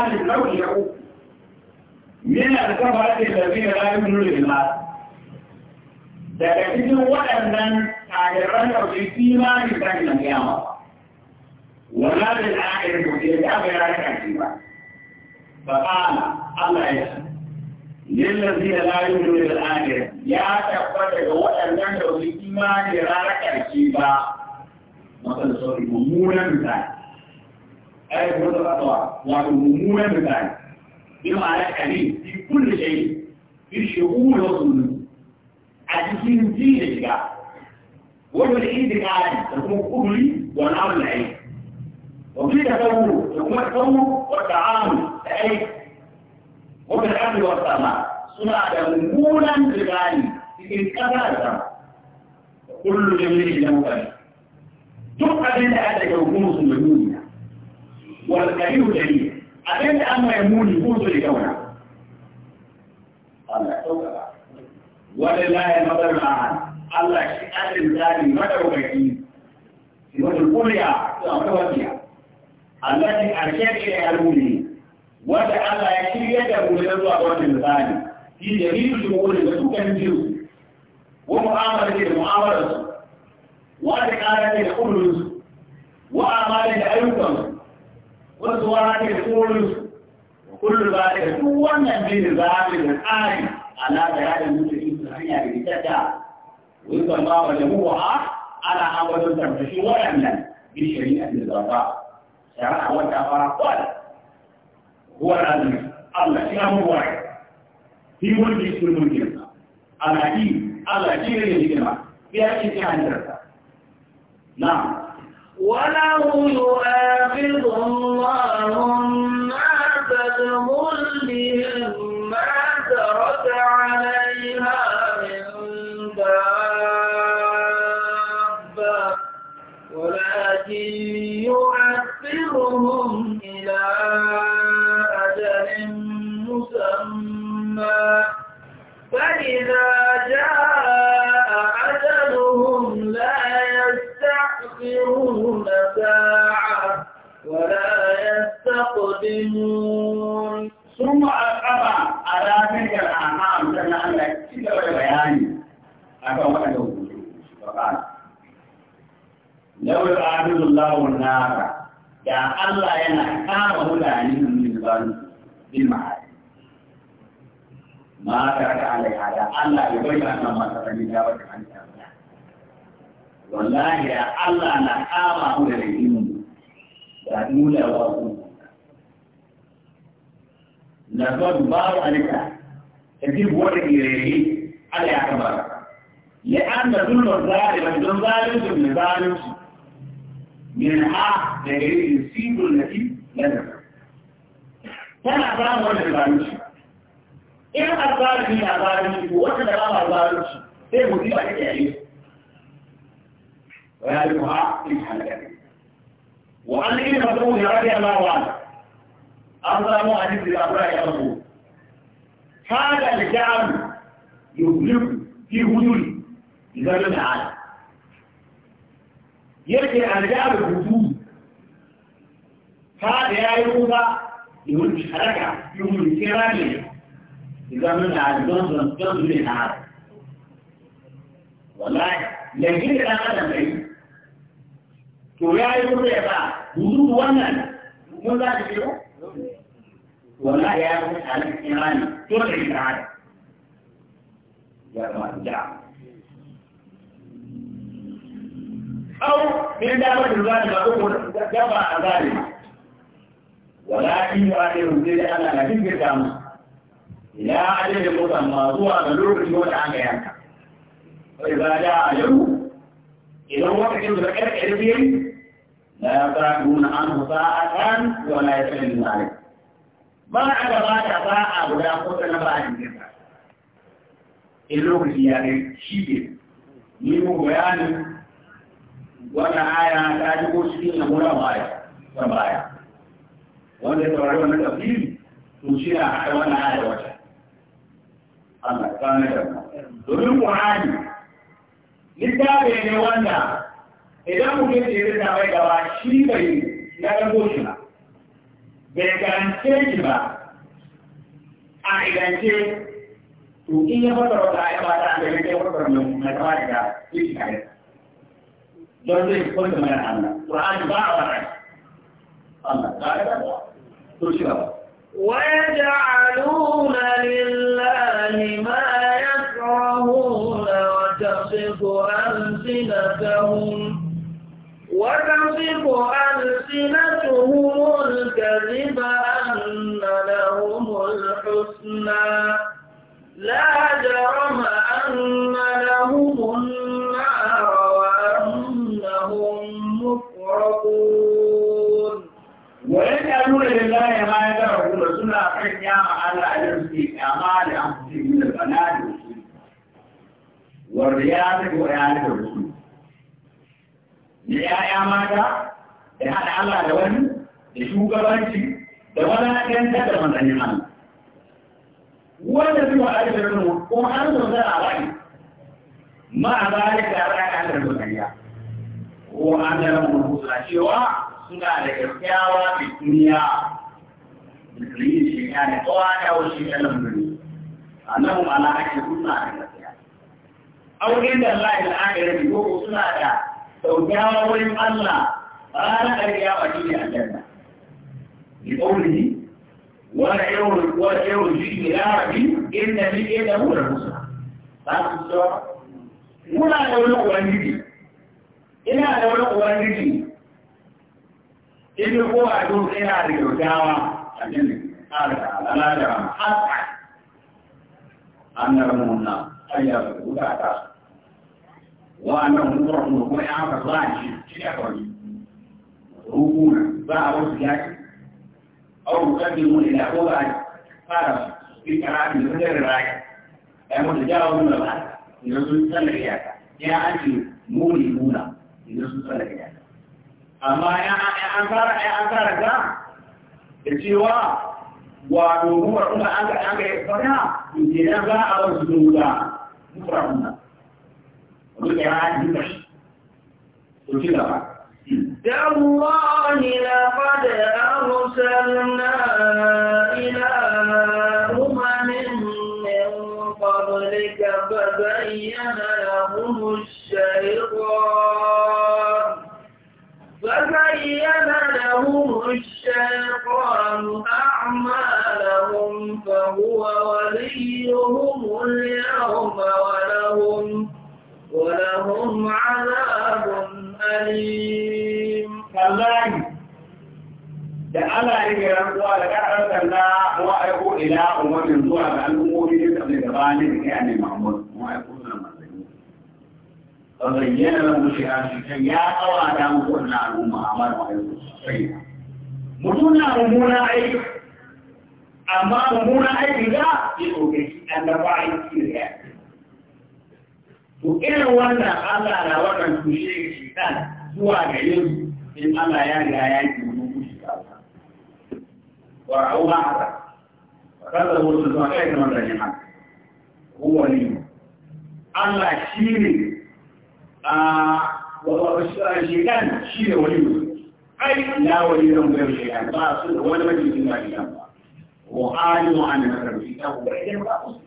الثالث نوعه من الكفرة الذين لا يؤمنون بالله daga cikin waɗannan ƙagirar tausayi ma ne ta gina kiyama wala da ta'ayyar tausayi da aka yi ranar ƙarfi ba ba ƙana Allah ya ce lillazi da layu ne da ta'ayyar ya tabbata daga waɗannan tausayi ma ne ranar ƙarfi ba masu da sauri mummunan misali أي مرة الأطوار وعموما يعني بتاعي بمعنى كريم في كل شيء في الشؤون والظلم عزيزين دين الشجاع وجه الإيد كعادي تكون قبلي ونعم العين وفي تطور تكون التطور والتعامل أي وفي الأرض والسماء صنع مولا بغالي في كذا كل جميل له دقة بين أدرك وكون مسلمين والكريم جميل أكيد أما يموني قلت لكونا الله ولله المدر الآن الله شئات الثاني مدر وكيد في وجه القرية في أمر وكيا التي أرشد إلى المولي وجه الله يشير يده لنزوى قرن الثاني في جميع الجمهور المسوكة من جيوز ومعاملة وأعمال أيضا wasu wa ke korin kullu ba ta duk wannan bin zaɓi da tsari ala da yadda mutum in su hanya da ita ta wukan ba wa jamuwa ha ala an wajen tarbashi waɗannan bi shari'a da zaɓa shari'a wata fara kwal huwa lazim Allah shi an muwa fi wanda shi mulkin Allah shi Allah shi ne ya hikima ya shi ta hanyar na ولو يؤاخذ الله الناس بظلمهم ما ترك عليها من دابة ولكن يؤخرهم إلى أجل مسمى فإذا جاء يعظمون ثم أقبع على تلك الأعمال كما أنك تلك البيان أكون أنه فقال لو يعاقب الله النار يا الله ينا كان ملعنهم من ظن بالمعاد ما ترك عليها هذا الله يبين أن ما ترك من جابك عن والله يا الله نحامه للإيمان يا أولى وأولى na zuwa dubaru a nika ta fi buwa da irere ala ya kamar ya an da zulmar zaliman don zalimin da zalimin min ha da gari in sibul na fi lanar tana samun wanda zalimin in a zalimin na zalimin ko wata da ba zalimin sai mutum ba ta yi ويعرفها في الحلقة وعن ابن مسعود رضي الله عنه an samu a cikin abura ya rabu hada al-ja'al yublib fi hudud idan lam ya'al yake al-ja'al hudud hada yayi kuma يقول مش حركة يقول الكرامي إذا من على جنزن جنزن نهار والله لكن أنا أنا بعيد تو يا يقول يا با بدو وانا مو ذا كده وما يعرف على الإيمان كل العالم يا رب أو من دعوة الظالم أقول جمع الظالم ولكن يؤثر زي أنا لكن كتام لا أدري المسمى هو ملوك يوم العام وإذا جاء أجله إذا هو فكر ذكر إلبيل لا يتركون عنه ساعة ولا يسلم ذلك ba a da ba da ba a guda ko ta na ba a jikin ba in lokaci ya kai shi ne ni mu bayanin wannan aya ta ji ko cikin na mura baya ta baya wanda ya taurari wannan tafsiri to shi na haɗa wannan aya da wata Allah ta ne da domin Qur'ani littafi ne wanda idan mutum ke rinda mai gaba shi bai ya ɗago shi na bai garance shi ba a idance to in ya fasar wata ya ba ta da yake fasar mai mai kama da ga shi kare don zai kwanta mana Allah Qur'ani ba a wannan Allah ka da to shi ba ويجعلون لله ما يكرهون وتصف ألسنتهم وتصف ألسنتهم الكذب أن لهم الحسنى لا جرم أن لهم النار وأنهم مفرطون وإن ويجعلون لله ما يدعون رسولا كان يعمى على رزقه أعمال أنفسهم من البنات والرياض وإعانة الرسول ‘ya'ya mata da haɗa Allah da wani da shugabanci da wani ɗan da mazanin hannu. Wanda su wa ake da kuma kuma an zo zara a wani ma a bari da ra'ayi da manzanniya. Ko an da ramu kusa cewa suna da kyakkyawa mai duniya da tsayi shi ya ko an yawo shi ya lambari. A nan ala ake suna da gaskiya. Aure da Allah ya la'akari ko suna da سوداء ولم الله قال أريا أجيب الجنة لقوله ولا يول ولا يول جيب العربي إن لي إلا هو المسلم فهمت السؤال؟ ولا يول قرنجي إلا يول قرنجي إن هو أدوس إلى الجوجاوة الجنة قال تعالى لا يرى حقا أن رمونا أن يرى wa'annan hukuran da kuma ya haka za a shi shi ne kawai rukuna za a wasu yaki au rukar da mun da ko za a fara su karatu da zai raya ai mun da wani da ba idan sun tsallake yaka ya an ce muni nuna idan sun tsallake yaka amma ya an fara ya an fara ga da cewa wato ruwa kuma an ga an ga fara to kenan za a wasu duka ruwa وقراءة البعيد تالله لقد أرسلنا إلى أمم من قبلك فبين لهم الشيطان فبين لهم الشيطان أعمالهم فهو وليهم اليوم ولهم ولهم عذاب أليم والله da Allah ya ga rantsuwa da ƙarar sanda wa aiko ila umarnin zuwa ga al'ummomi da tsaye da bayanin da ya ne Muhammad wa aiko suna manzanni. Bayyana da mu shiga cikin ya kawa da mu wannan al'umma amma da aiko sai. Mutum na mummuna aiki amma mummuna aiki ga ya ɗauke shi an da bayan shi da ya to irin wannan Allah na wannan tushe ga shekar zuwa ga yin in Allah ya ga ya yi domin kushe ka wa ra'uha haka wa kaza wurin zuwa kai kamar da yin haka huwa ne Allah shi ne a shekar shi ne wani mutum ai ya wani zan bayar shekar ba su da wani majalisun ba gidan ba wa alimu an da karfi ta kuma idan ba su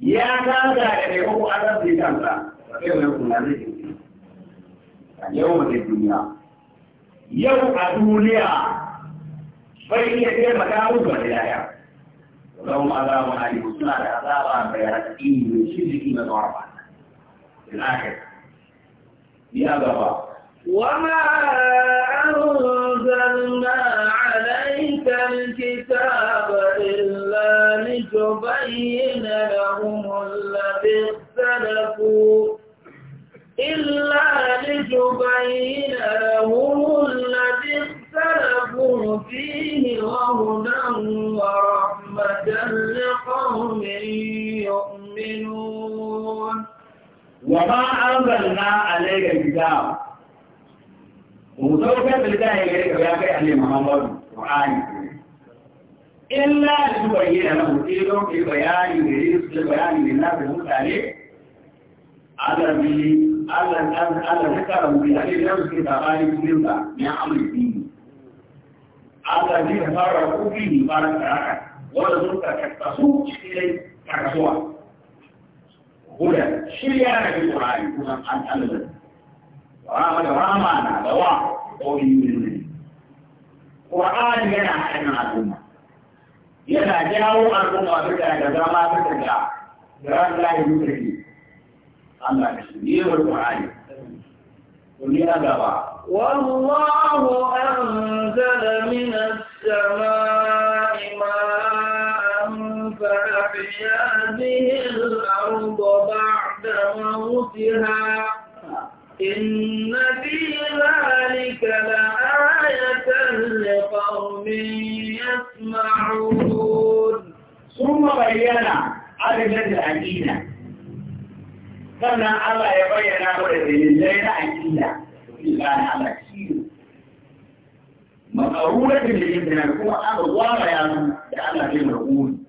ya gaza da ne ko an rabu kansa sai mai kuma ne a yau ne duniya yau a duniya bai iya kai maka musu da yaya لهم عذاب أليم سنة عذاب بيرتئي من شرك ما تعرف في الآخر بهذا وما أنزلنا عليك الكتاب إلا لتبين هم الذي اختلفوا إلا لتبين لهم الذي اختلفوا فيه وهدى ورحمة لقوم يؤمنون وما أنزلنا عليك الكتاب ومتوكل بالله يا محمد وعاني illa da bayyana lahu sai don kai bayani da yin su bayani da nafi mutane alabi Allah Allah ta kara mu da yin su ke tabari cikin ka ya amri Allah ne ya fara kuɗi ne fara karaka wanda sun ka kasu cikin kasuwa guda shirya da Qur'ani kusan an Allah wa da rama na da wa ko yi ne Qur'ani yana hannun al'umma yana jawo al'umma duka da zama duka da garan layi duka ke Allah da shi ne wani Qur'ani kulli agaba wallahu anzala min as-samaa'i ma'an fa ahya bihi al-ardha ba'da mawtiha إن في ذلك لآية لقوم يسمعون ثم بينا على جد العجينة فلا على يبينا ورد لله العجينة وإلا على كثير مقرورة لجدنا كما أبو الله يعلم لأن في مرؤون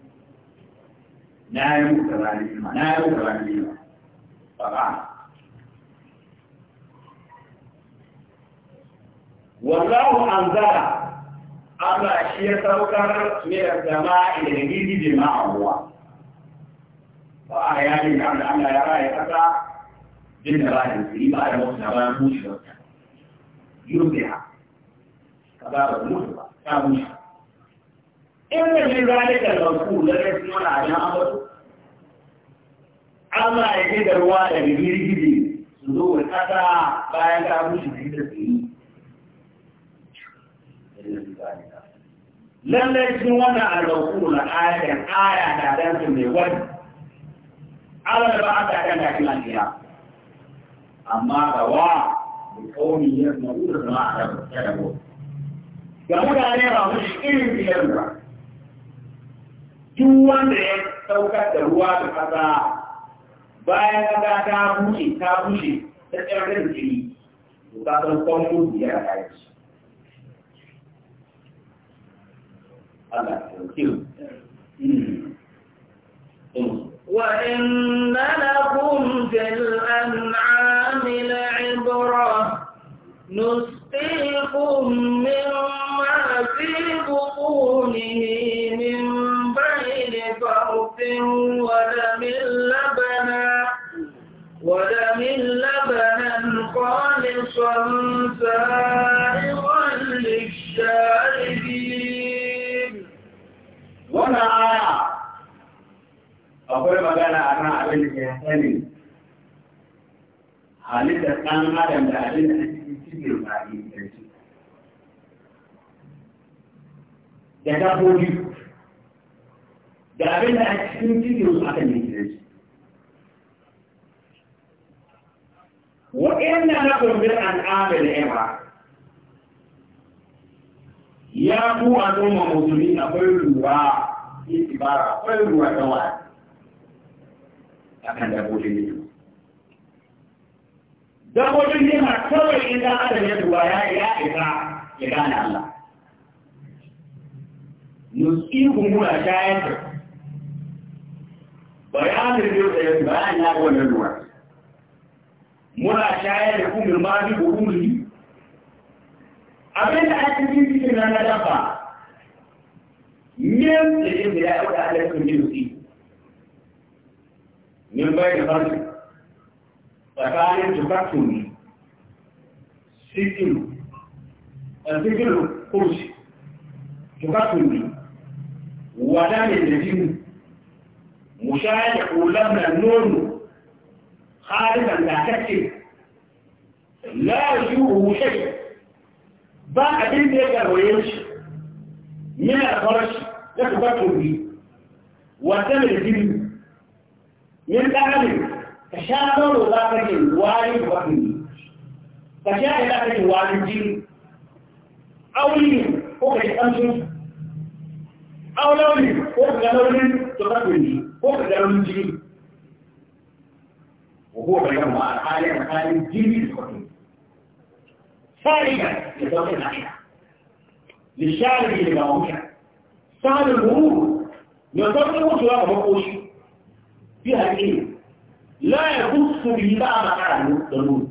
لا يمكن أن يسمع لا يمكن أن يسمع فقال والله أنزل أما أشياء سوكر من السماء لنجيز بما هو فأيان يعني من أن يرى يتكى بن راه الكريم على موسى ما يموش وكا يرضيها كبار الموسى كاموش إن من ذلك المذكور لك اسمنا عجم أمر أما أجد الوالد بيرجي دي سنوه كتا باين كاموش بيرجي lallai cikin wannan albarku na ayatan aya da dan mai wani ala da ba a kan da kila kira amma ga wa da kauni ya na uda zama a da ta da ga mutane ba mu irin biyar ba duk wanda ya saukar da ruwa da kasa bayan kaga ta bushe ta bushe ta tsayar da jiri to ka san kwamfut biyar a kai وإن لكم في الأنعام لعبرة نسقيكم مما في بطونه من بين فرث ودم لبنا ودم لبنا خالصا سائغا للشارب wannan aya akwai magana a kan abin da ke sani halittar ɗan adam da abin da cikin cikin baki da shi da dabbobi da abin da a cikin cikin su aka ne da shi waɗanda na kumbin al'ada da yawa ya ku a zoma musulmi akwai ruwa. itibara kwai ruwa dawa akan dabbobin ne dabbobin ne ma kawai in dan adam ya duba ya ya isa Allah nusihu muna shayar da bayanin yau da yau ya ga wannan ruwa muna shayar da kuma mali ko kuma abin da aka cikin nan na dabba من الجنس لا يعود على اسم الجنسي من بين فرق فكان تفكني سجن السجن كرسي تفكني ودم الجن مشاهد لبن النون خالدا لا تكتب لا يشوه شيء بعد ذلك الويش من الخرش تخبط به وتمر به من قبل تشاور ذاك الوالد وابنه فجاء ذاك الوالد أو لي هو كيسأمسه أو لو لي هو كيسأمسه تخبطني هو كيسأمسه وهو بينهما الحالة مكان الجيل الحكم ثانيا يتوقف عليها للشارع اللي بقومها sa'adar buru yanzu wani wucewa ga makoshi fi haƙi la ya kusa bi ba a makara da nuna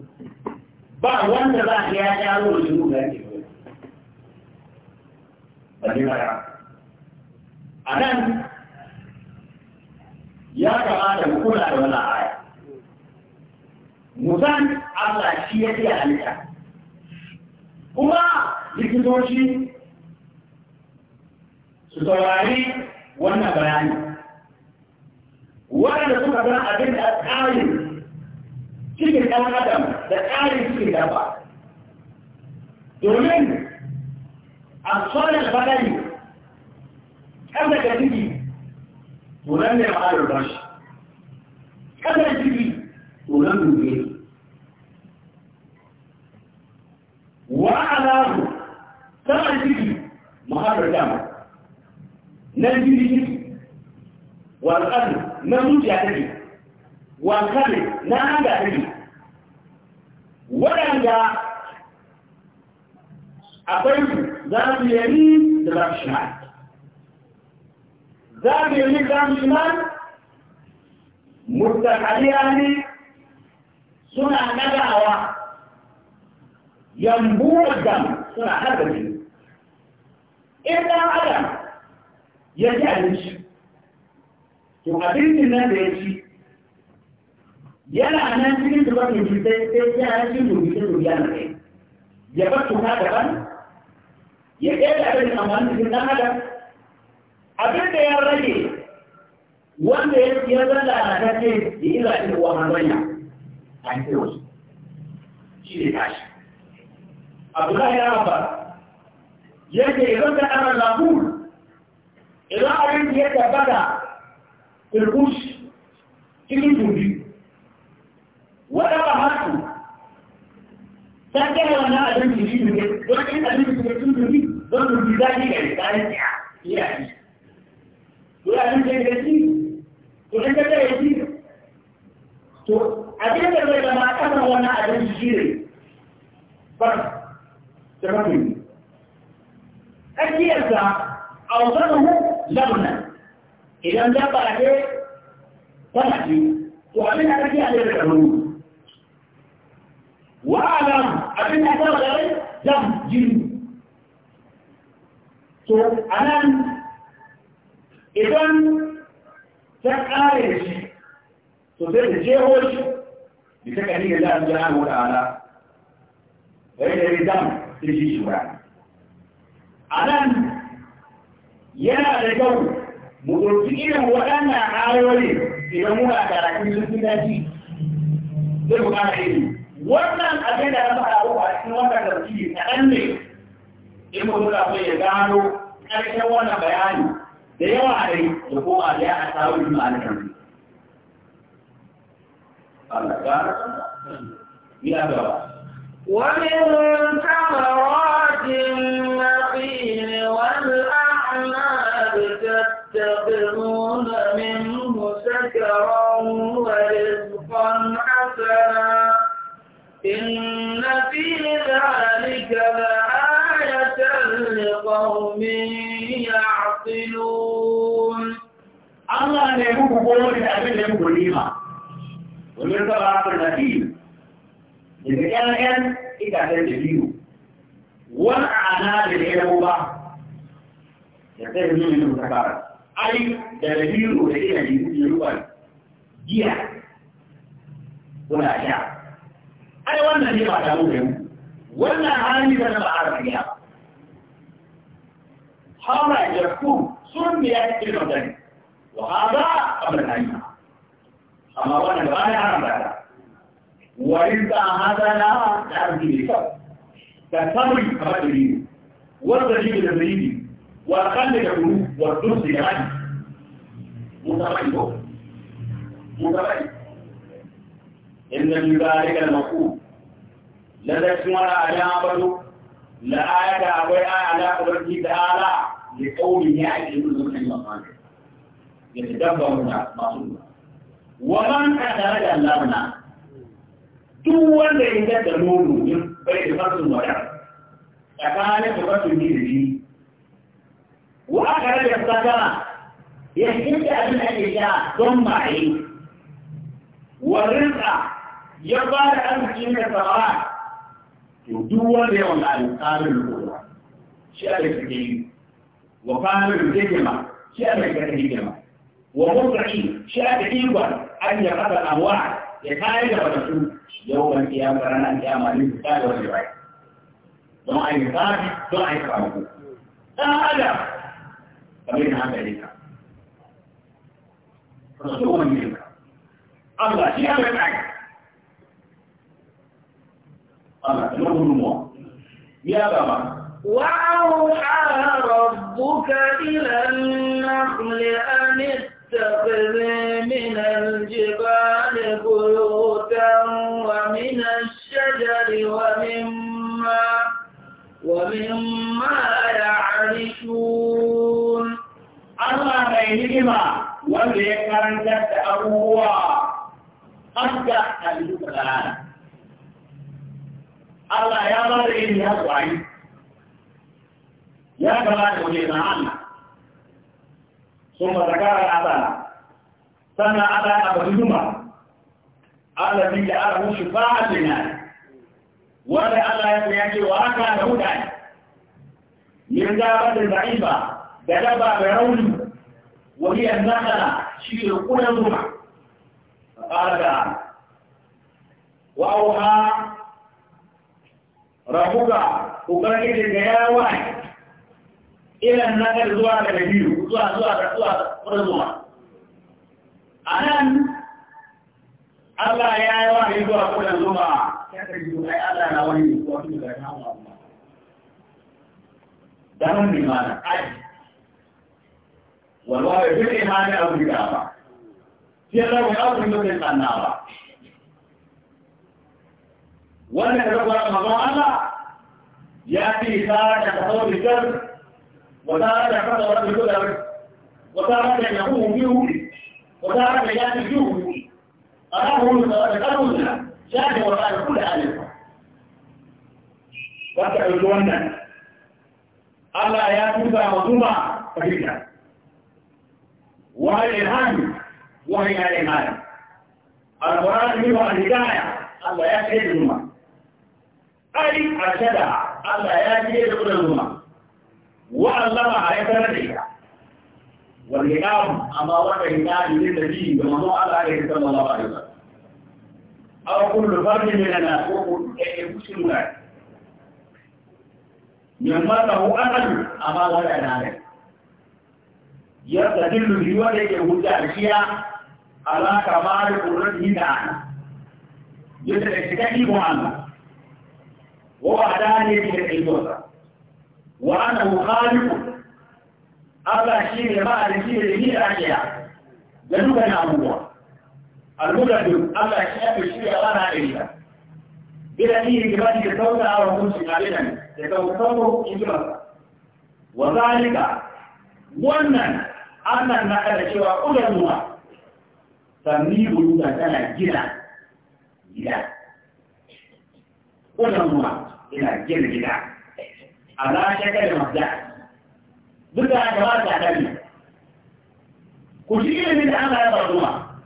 ba wanda za a ya ƙyaro da nuna ya ke ba ne mara a nan ya kamata kula da wani aya mutan Allah shi ya fiye halitta kuma likitoci su saurari wannan bayani waɗanda suka san abin da tsarin cikin ɗan adam da tsarin cikin dabba domin a tsoron badani ƙasa da ciki tunan ne ma'arar rashi ƙasa da ciki tunan dubiye wa'ala su tsarin ciki ma'arar dama na jirgi walƙar na zuciya take walƙar na hanga take waɗanda akwai su za su yi da za su shimal za su yi za su shimal murtakaliya ne suna nagawa yambuwar dam suna harbe in ɗan adam ya ci abinci to abincin nan da ya ci yana nan cikin da bakin jirgin sai ya yi cikin rubuce rubuce na kai ya bar tuka daban ya ɗaya da abin amfani cikin ɗan adam abin da ya rage wanda ya ya zanda a ta ce ya yi zaɓi da wahan zanya a yi wasu shi ne tashi abdullahi ya rafa yake idan da ana lafiya idan abin da ya tabbata turkush cikin dubi waɗanda haku ta kera wannan abin da shi ne don yin abin da cikin dubi don dubi za ki gari tsarin ya iya shi Dole abin da ya ci, to in ka ta ya ci, to abin da zai zama kasan wannan abin shi ne ba da mafi. Ƙarfiyarsa a wasannin لبنا إذا لبى عليه طلعتي وأبين أبدي عليه الكرم وأعلم أبين أتوى عليه دم جن to anan idan ta kare shi to sai da jeho shi da ta kari da Allah subhanahu wataala wai da dam sai shi shi ba anan yana da kyau mu ɗauki irin waɗannan ayoyi idan muna karatun likitanci zai bukata ilimi wannan abin da na faɗa uku a cikin wannan tafsiri kaɗan ne in mu muna so ya gano ƙarshen wannan bayani da yawa dai da ko a ya a tsaro yi ma'anakan Allah gano ina gaba ومن ثمرات يستقرون منه سكرا ورزقا حسنا إن في ذلك لآية لقوم يعقلون أما أن يكون قول أبي لم قليما ومن سبعة النبيل إذا كان أن إذا كان نبيل وأنا أنا للعلم بعض يتجه من المتكارك ai da rabiru da ina da yi ruwan giya kuna sha ai wannan ne ba ta mu da mu wannan hali da na ba'ar da ya hama jarku sun biya cikin magani wa haza kamar na yi amma wannan da ba ya haramta ta wa in ta haza na da arziki ne kyau da samun kamar da biyu wanda shi da zai وأقل يكون والدرس يغني متبعي متبعي إن في ذلك المفهوم لدى سمر أجابته لآية أبوي آية على قدرته تعالى لقول يعجل من المقام يتدبرون معصومة ومن أدرج اللبنة duk wanda ya da nono yin bai da fasin wada tsakanin وأخرج الصدقة يحتاج أبن الإشاء ثم عيد والرزق يقال أمكين الصلاة ودول يوم القارن الأولى شأن الكريم وقارن الكريمة شأن الكريمة ومطعي شأن إيوان أن يقضى الأموال يتعالى ورسول يوم القيامة رانا القيامة للقتال والرواية ثم أن يقال ثم أن يقال هذا فمنها ذلك رسول منك الله شيء أمر معك الله نور الموت يا بابا وأوحى ربك إلى النخل أن اتخذ من الجبال بيوتا ومن الشجر ومما ومما يعرشون بينهما وليكن جد أبوها أجد الجبران الله يا مريم يا وعي يا بلاد وجدنا نعم. ثم ذكر الأذان سمع أذان أبو الجمعة الذي جعله شفاعة للناس ولا ألا يأتي وأكل هدى من جابة البعيبة جلب برونه وهي أنها شيء كل الرمى فقال تعالى وأوحى ربك وكرك الجيا واحد إلى النخل زوا كبير زوا زوا زوا كل الرمى أنا الله يا واحد زوا كل الرمى كيف na wani ne وين wani da ya kama Allah. Dan bi mana aji والله في الإيمان أبو جابا في الله أبو مثل النار وأن تذكر رمضان يأتي ساعة تطور الكرب وساعة تطور الكرب وساعة يقوم به وساعة يأتي به أراه من الأرض شاهد وقال كل آلفة wata ɗauki wannan Allah ya tuba wa zuma fahimta والإلهام وهي الإيمان القرآن منه الهداية الله يهدي الأمة أي أرشدها الله يهدي الأمة وعلم على تربيتها والهدام أما ورد هدام للنبي بمنوع الله عليه صلى الله عليه وسلم أو كل فرد من مننا وكل إيه، مسلم من مرة أمل أما ورد هدام يستدل به wanda yake hujja da shiya ala kamar qurrati da yadda da shiga iko Allah wa wadani bi da iko wa ana mukhaliq Allah shi ne ba da shi ne ni da shiya da duka na abuwa al-mudabbir Allah shi ya fi shi Allah na ila bila ni da ba da tauta a wannan shi kare nan da tauta ko in ji ba wa zalika wannan ana naka da cewa ƙudanwa sami buluga tana gina gida ƙudanwa ina gina gida a na shekar da mazda duk da aka ba ta dami ku ji ilimin da ana yaba zuwa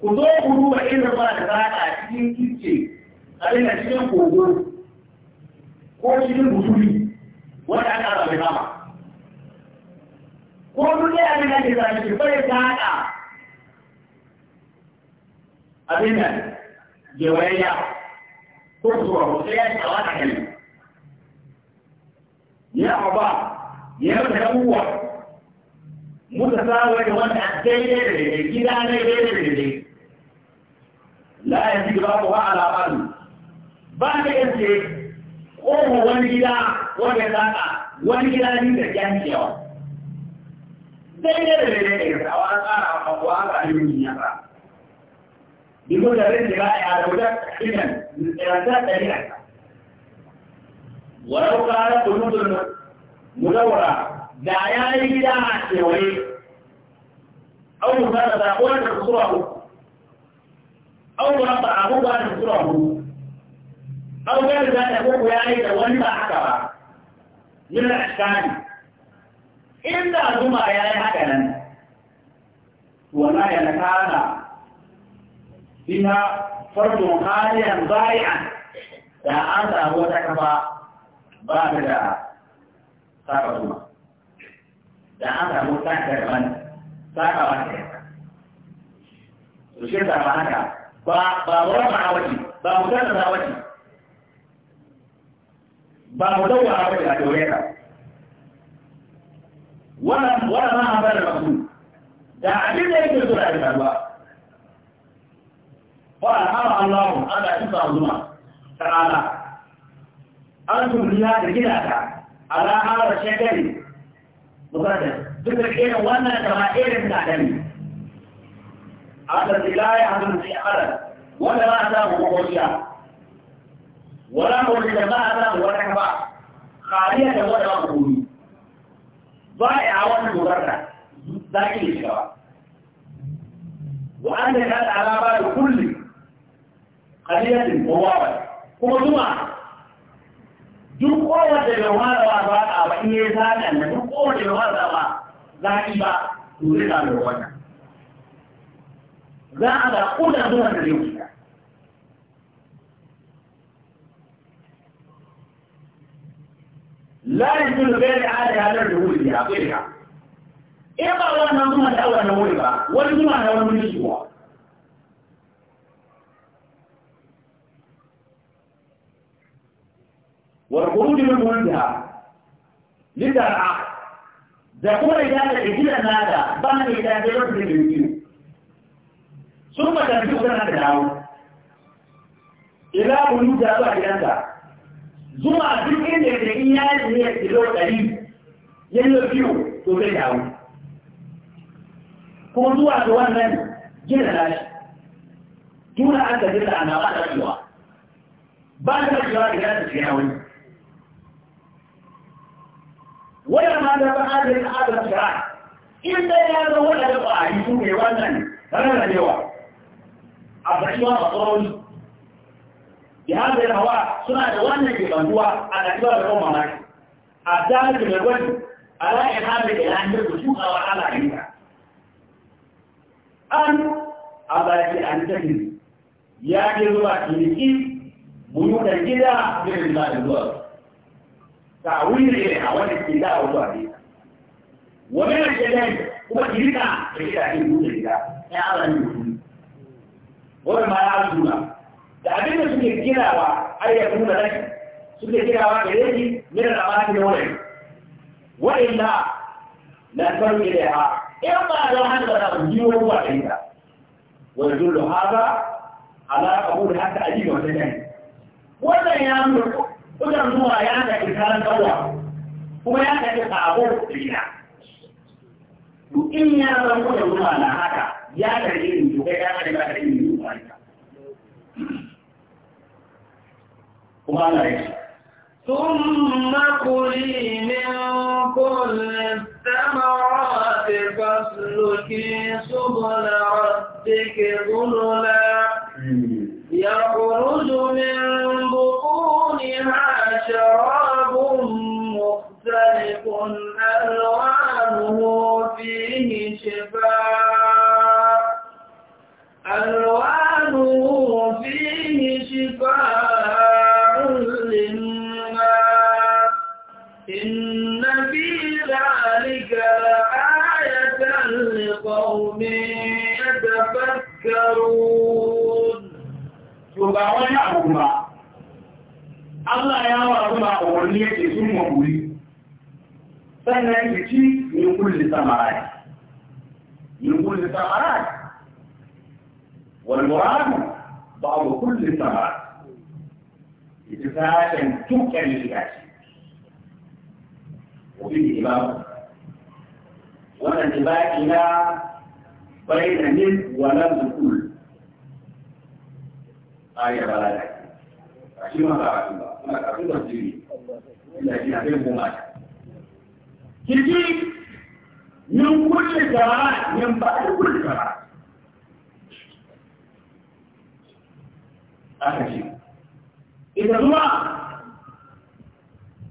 ku zo ku duba ilimin ba da za a cikin kicce a ina cikin kogo ko cikin buturi wanda aka rabe nama ko mun yi abin da ke zane shi bai ta haɗa abin nan gewayayya ko kuwa ko sai ya yi tsawa a kan ya ba ya yi da uwa muka sawa da wanda a daidai da daidai gida na daidai da daidai la ya ji ba ko ala bani ba da yace ko wani gida wanda ya saka wani gida ne da yankewa sai da da ne ne a wani tsara a kuwa a tsari mun yi ba duk da zai shiga ya da wuta kinan tsiranta ɗari a ta walau kare kunutun mudawara da ya yi gida a kewaye au musa da zaɓuwa da kusurwa uku au murabba abubuwa da kusurwa uku au gari za ta kuku ya yi da wani ba haka ba yin da ashkani inda zuma ya yi haka nan wannan ya kana ina farko hanyar bayan da an samu wata kafa ba da da saka zuma da an samu saka daban saka ba ta yaka to shi ba haka ba ba wurin ba waje, ba mutar da waje. ba mu dawo a waje a daure ka ولا ما أبدا المقصود ده عديد يمكن سورة الأربعة قال أرى الله أن تسرى الظلمة تعالى أنتم لها رجلة على هذا الشكل مقدس ذكر إيه وأنا كما إيه بتعلمي هذا الولاية هذا في أحد ولا ما أتاه مقوشيا ولا مولد ما أتاه ولا كفا خالية ولا مقوشيا ضائع والمبرع داخل الشراء وأن هذا على بال كل قرية وواقع كما جمع duk kowace mai warawa ba a ba in yi zaɗan da duk kowace mai warawa zaɗi ba turi da mai wannan za a ga ƙudan zuwa da yau لا يجوز بيع عليها لا الدخول بها غيرها إذا إيه ولا نظم الأول نولها والجمع الأول من الأسبوع والخروج من مولدها لدرعة ذكور إذا الإجيل هذا بان إذا جلت بالإجيل ثم تنجوز أن تدعو إلى بلوغ هذا zuwa duk inda da in ya ne ya kilo ɗari yallo biyu to zai dawo kuma zuwa ga wannan gina lashi tuna an ka gina ana ba da rajewa ba da rajewa da gina tafiya wani wani ma da ba a zai adar shara inda ya zo wani da ba a yi su ne wannan rarrabewa a fashewa a tsoron بهذه الهواء سنة وانا جبنبوة على كبار الأمة لك أعتمد بالوجه على إحامة الآن بالرسوخ وعلى عينها أن أباك أن تهل يا جلوة كنكي بيوت الجدا من الله الوضع تعويل إليها والاستداء وضعها ومن الجدال هو جلتا رشاء الوضع يا الله الوضع وما يعلمنا da abin da suke ginawa har ya kuma da shi suke ginawa gare shi min al-amani da wani wa illa la faru ilaiha in ba da haka da ku jiwo ruwa da ita wa yadullu hada ala qabul hatta ajiba wa tajani wannan ya nuna kudan zuwa ya da karan kawwa kuma ya da kabo dina to in ya zama kudan zuwa na haka ya da irin to kai ya da irin kuma ana ثم كلي من كل الثمرات فاسلكي سبل ربك ظللا يخرج من بطونها شراب مختلف ألوانه فيه شفاء ألوانه يفترون to ba wani abu ba Allah ya wa zuba a wani yake sun maburi sannan ya ci min kulli samarai min kulli samarai wal muradu ba'u kulli samarai ita sashen tukkan shiga ce wani ibadu wannan ibadi na بين من ولم يقول آية بلاغة عشما بلاغة ما كرتو تجري من كل جراء من بعد كل جراء أخشي إذا ما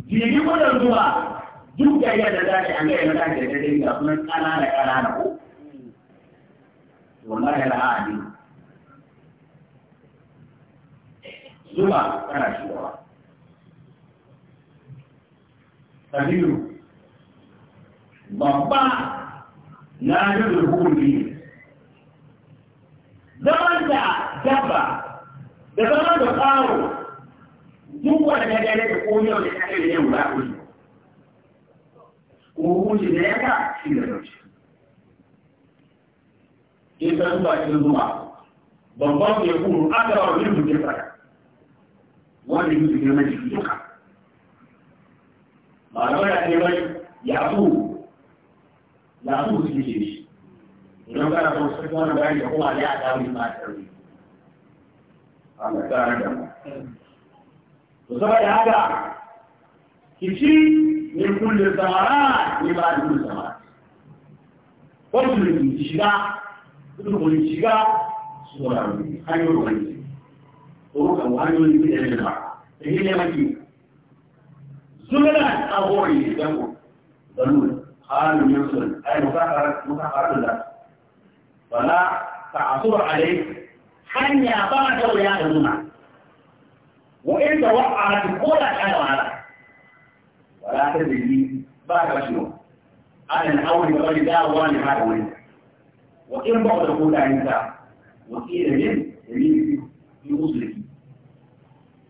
جيبوا الزواج duk da yadda za a yi an ga yana da ta dinga والله لا أعلم زبا كان شورا سبيل بابا لا يدركون به زمان دا جبا da zama da ƙaro duk wanda ya da koyo da kake da yau ba ku ko ku ne ya ka shi da dauki in ka zuwa cikin zuma babban ya kuru aka rawa yin zuke saka wanda yin zuke mai jiki duka ma'ana ya ce mai yasu yasu su ke shi idan kana son su kuma na bayani da kuma ya ta wani ma'a tarbi Allah ta rada mu to saboda haka kici min kullu zamara ni ba kullu zamara ko kullu shiga dukkan shiga tsoron hanyoyin wani tsoron hanyoyin da ya da ta yi ne maki zulana a gori ne zango zango halin yin sun ai musakarar da bala ta asuwar alai hanya ba da wuya da nuna wa'in da wa'a da kola kayan wahala wala ta zai ba ka shi wa ana na aure da wani dawowa ne haka wani وإن بعضه لا ينفع وقيل من يمين في وصله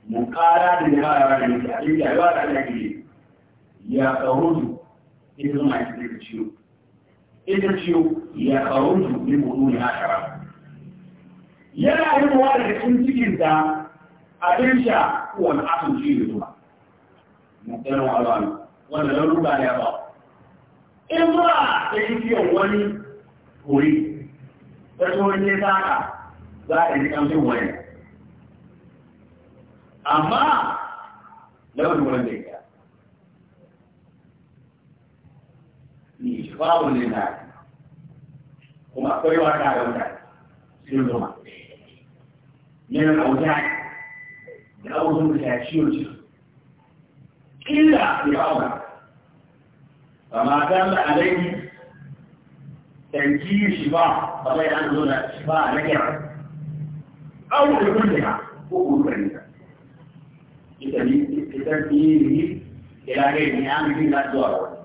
مقارنة بهذا يعني الرجل أجل عبارة عن أجل يخرج إذا ما يستطيع الشيوخ إذا الشيوخ يخرج من بطونها شراب yana yin wa daga cikin cikinta abin sha wani asin shi ne zuwa mutane wa alamu wanda laluba ya ba in ba da shi wani À đi, tôi kuri À mà, ne zaka za ka ji kamshin wani amma launin wanda ya ni shi babu ne na kuma akwai wata ga mutane sun zuma yana da wuta da abubuwan da ya ciwo ciwo illa ya auna ba ma ta anh alaihi تنجيل شفاء والله أنا أقول شفاء نجع أو لكلها وقول كلها لتنجيله إلى غير نعم في لا دور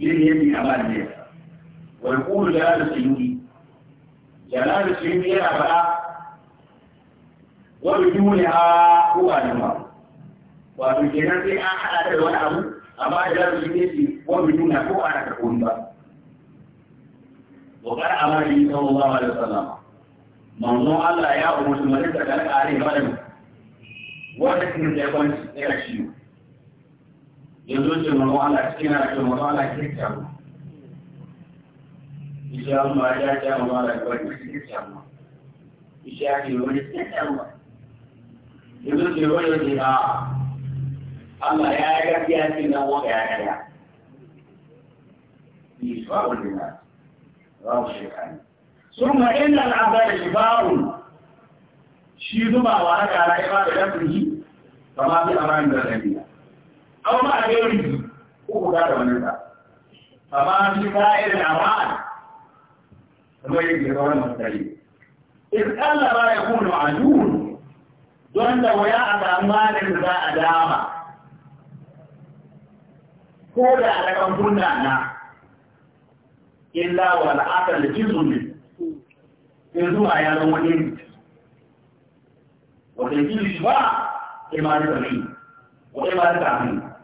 إليه من أبان الناس ويقول جلال السيوطي جلال السيوطي يرى فلا وبدونها هو المرء وفي الجنة أحد أبو أبا جلال السيوطي وبدونها هو أنا تكون بقى وقال أمر النبي صلى الله عليه وسلم منظوم الله يا أمة المريض كان عليه بدن وتكن تكون إلى شيء يزوج منظوم الله كنا منظوم الله كنا إن شاء الله يا جاء منظوم الله كنا إن شاء الله كنا yanzu ke wani yake na Allah ya yi gaskiya ce na wanda babu shekani يعني. ثم إن العذاب شفاء شيء ما وارد على عبادة نفسه فما في أمان من الأنبياء أو ما غيره هو هذا من الله فما في سائر الأعمال هو يجري غير المستقيم إذ قل ما يكون عدول دون لو يا أمان إذا أدام كل على كم كنا نعم. illa wa al'akar da jizu ne in zuwa ya zama ne wata yi shi ba imanin tafi wata imanin tafi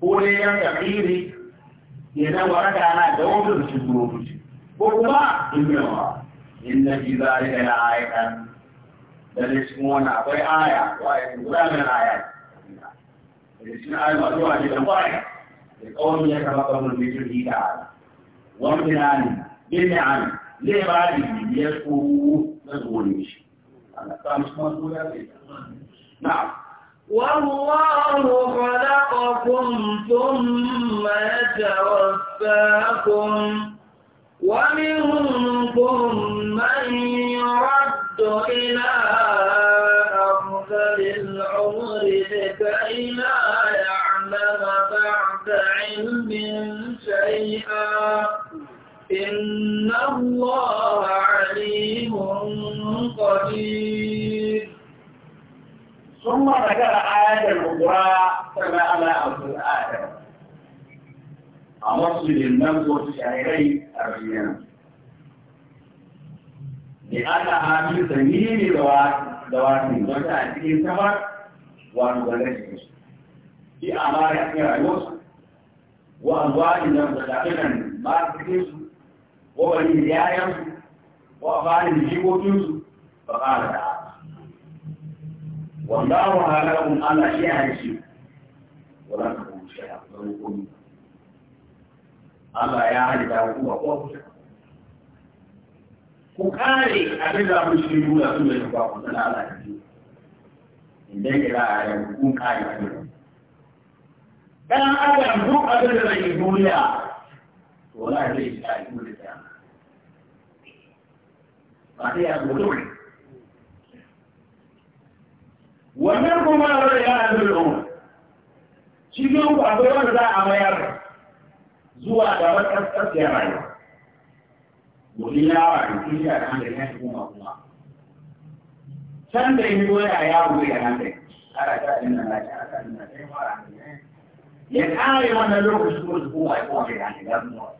ko ne yan tafiri ya zan waraka na da wani da shi zuwa fushi ko kuma in yawa in na fi zari da ayatan da ne cikin wani akwai aya wa ya guda min aya da cikin aya masu wani da kwaya da kawai ya kama kamar mai jirgi da aya وامتناني بالنعم لعباده ليشكوه مزغول مشي نعم والله خلقكم ثم يتوفاكم ومنكم من يرد إلى أرذل العمر لكي لا يعلم بعد علم شيئا إن الله عليم قدير ثم ذكر آية الأخرى كما أنا أقول آدم أمصل المنظر شعري أبيان لأنها من سبيل دواتي وتأتي السفر ونبلغ في أمارة في رأيوس وأنواع المنظر ما تكيسوا وبني ليايم وأفعال الجيبوتين فقال تعالى والله هلاكم ألا شيء عن شيء ولا تكون شيئا ظنكم Allah ya halitta hukuma ko kusa. Ku kare abin da mun shi nuna sun da shi ba ku sana Allah ya ji. Idan kira a yau kun kare abin. Dan Adam duk abin da zai duniya to wala zai shi a duniya قضية الوضوء ومنهما رجاء الأمة cikin abubuwan da za a mayar zuwa da wata tsakiyar rayuwa domin yawa da kiriya da hankali na shi kuma kuma can da yi goya ya buɗe da hankali ara ta ɗin nan lafiya a ta ɗin nan sai fara hankali ya ƙare wannan lokaci kuma su kuma ya kowa da hankali ya zuwa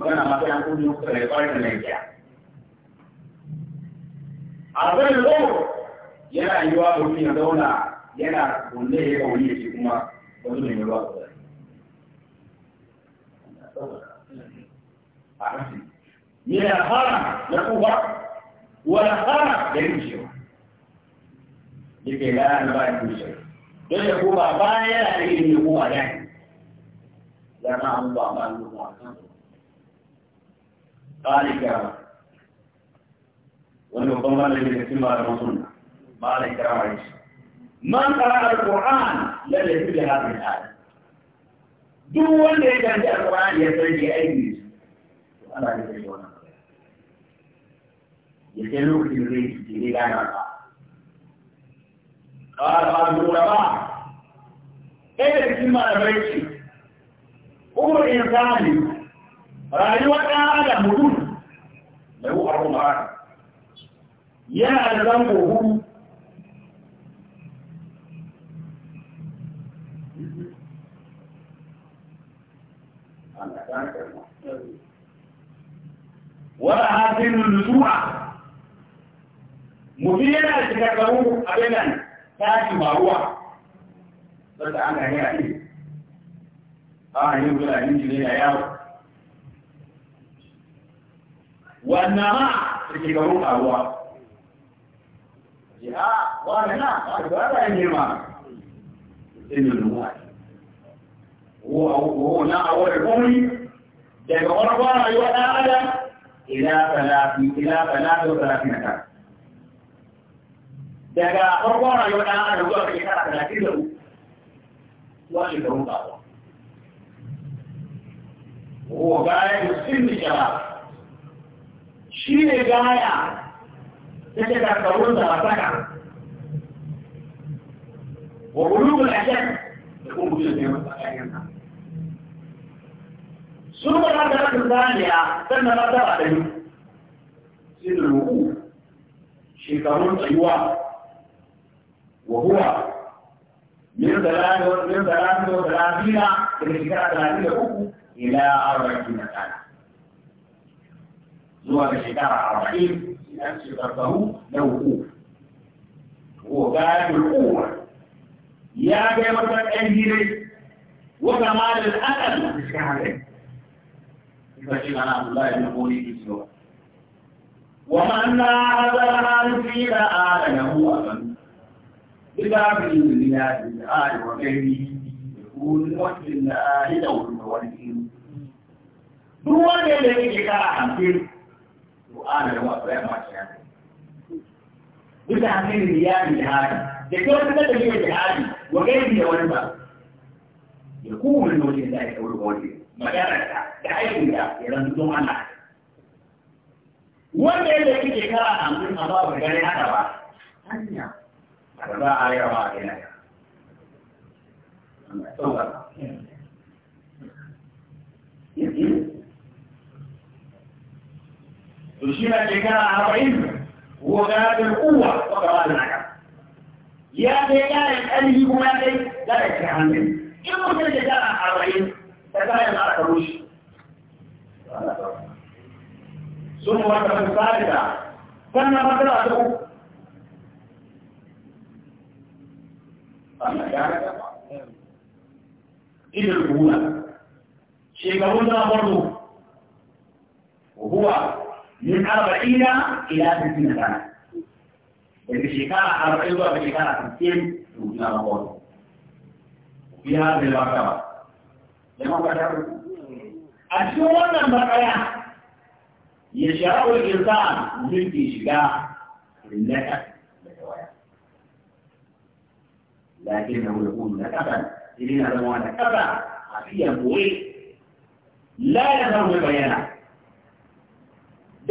magana masu yan kudi kusa mai kwarin laifiya a zai zo yana yi wa mutum ya zauna yana kunne ya wani ya ce kuma wani mai ruwa kusa من الهرم لقوة والهرم للمشوى لكي لا نبارك المشوى don ya koma baya yana da ilimin kowa da ne. Zama an ba ma nuna a kan ذلك والمقام الذي يتم على رسولنا ما عليك رأيش من قرأ القرآن لم يجد هذه الآية دون يجد القرآن يسجد أيديس وأنا يسجد وأنا يسألوك الرئيس الجديد عن قال بعض العلماء إذا كما رأيت أمر إنساني rayuwar ɗan adam mutum da yi abu ma'ana yana da zango hudu wani hasin nutsuwa mutum yana shiga garu abin nan tashi maruwa zata an gani a ne a hanyar gudanin jini na yawo wannan ma da ke gaban karuwa ya wani na ba da yin girma ilimin ruwa wa na a wani kuri daga farkon rayuwa ɗan adam ila talafi ila talafi wa talafi na kan daga farkon rayuwa ɗan adam zuwa ga shekara talatin da uku zuwa shekarun karuwa wa bayan musulmi jama'a shi ne gaya take da kawun da masaka wa ulubul ajab da kuma gudun da yamma ayyanka sun ba da rakin zaniya sannan ba da wadani sai da ruku shekarun tsayuwa wa huwa min zalatin wa zalatin wa zalatina daga shekara talatin da uku ila arba'in da هو بالحجارة على الرحيم يمسك ربه له قوة هو قال القوة يا بيه مثلا انجيل وكمال الأقل مش كامل فشيء أنا عبد الله بن أبو ليك ومن لاحظ الخالصين آله أمن بباب الإنجيلات من آل وكيله يقول وحد الله له المواليد هو الذي كان عبد وأنا لو أقول ما كان بدها من ريال جهادي ذكرت بدل هي جهادي وغيري ولما يقوم من وجه ذلك والغولي مجالك تعيش يا يرندون عنك wanda yadda kike kara hamsin a babu gani haka ba hanya ba za a yi rawa a yana ya sauka يشير على أربعين هو بلاد القوة وقرار العقل يا شكرا الألي كما لا لا يتحمل إن مثل شكرا أربعين تكاين على كروش ثم مرتبة الثالثة كنا مرتبة الأخوة إلى الأولى شيء قولنا برضو وهو من أربعين إلى ستين سنة الشكارة أربعين والشكارة ستين وجنا رقم في هذه المرتبة لما أشوف أن المرأة يشرع الإنسان من في شجاع لك لكنه يكون لك أبدا إذا هذا هو لك أبدا لا يظهر بيانا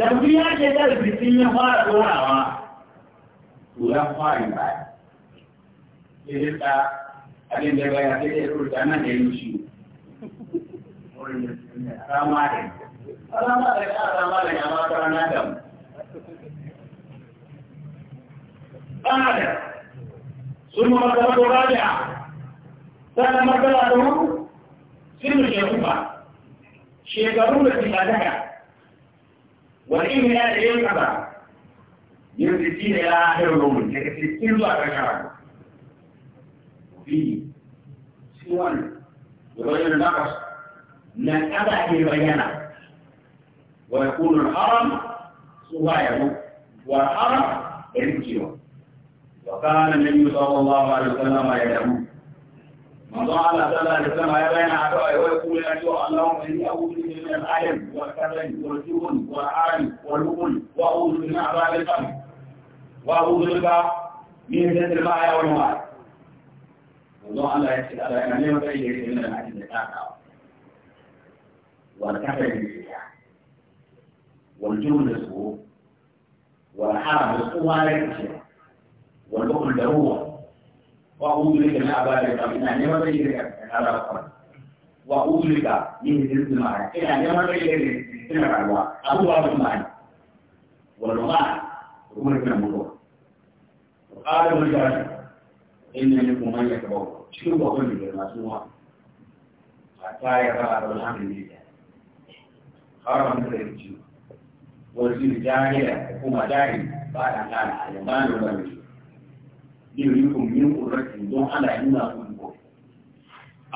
da mutum ya ce da rikicin ya fara dorawa to ya fara ba ya rika abin da baya sai ya rubuta nan da ya yi shi rama da rama da ya rama da ya mata rana da mu بعد ثم مرتبة راجعة ثاني مرتبة أدوه سن الشيخوبة شيخوبة في أدهة وإن هذا اليوم أبا من ستين إلى آخر الأمور لكن ستين لا تشعر سوان وغير النقص من أبا يبينه ويكون الحرم صغيره والحرم يمشيه وكان النبي صلى الله عليه وسلم يدعوه manzo Allah sallallahu alaihi wasallam ya bayyana a kawai wai kuma ya ce Allahumma inni a'udhu bika min al-alim wal kadhib wal jubn wal ari wal bukhl wa a'udhu bika min azab al-qabr wa a'udhu bika min fitnat al-ma'ya wal mamat manzo Allah ya ce Allah yana neman kai yake min al-alim da takawa wal kadhib wal jubn da su wal haram da kuma ne wal bukhl da ruwa وأعوذ من عذاب القبر إن نعمة بك من عذاب القبر وأعوذ من ذنب المعنى إن نعمة بك من عذاب القبر أبو عبد المعنى والمعنى هو من الموضوع وقال ابن جرس إن منكم من يكبر شو بقول لك ما سوى حتى يقرأ الحمد لله خرم مثل الجيوب والجيل جاهلا وكما جاهل بعد أن كان علمان ولا يريكم من قرتهم دون على عنا منكم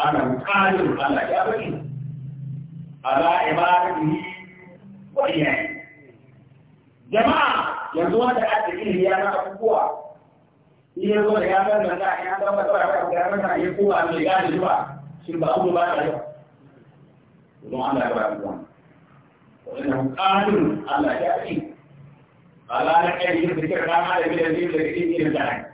أنا مقادر على جابري على عبادته وإياه جماعة يزوى تأتي إليه يا نأبوه iya zo da yanar da za a yi an zama tsara kan gaya mata ya kowa mai gane zuwa shi ba abu ba da yau don Allah ya ba zuwa wannan qadir Allah ya yi ala na kai yin zikir da ma da bidan zikir da yake yin da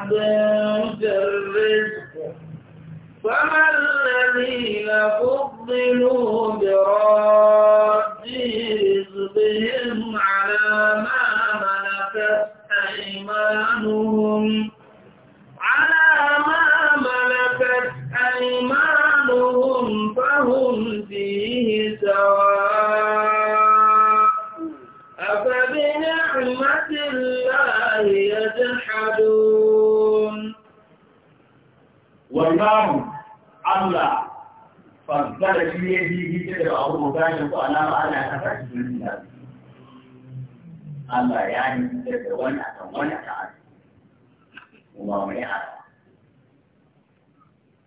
بعض في الرزق فما الذين فضلوا برد رزقهم على ما ملكت أيمانهم على ما ملكت أيمانهم فهم فيه سواء أفبنعمة الله يجحدون والباب Allah fanta da shi ne jiki da abu da ya ko alama ana ta fashi cikin da Allah ya yi da wani akan wani akan kuma mai hada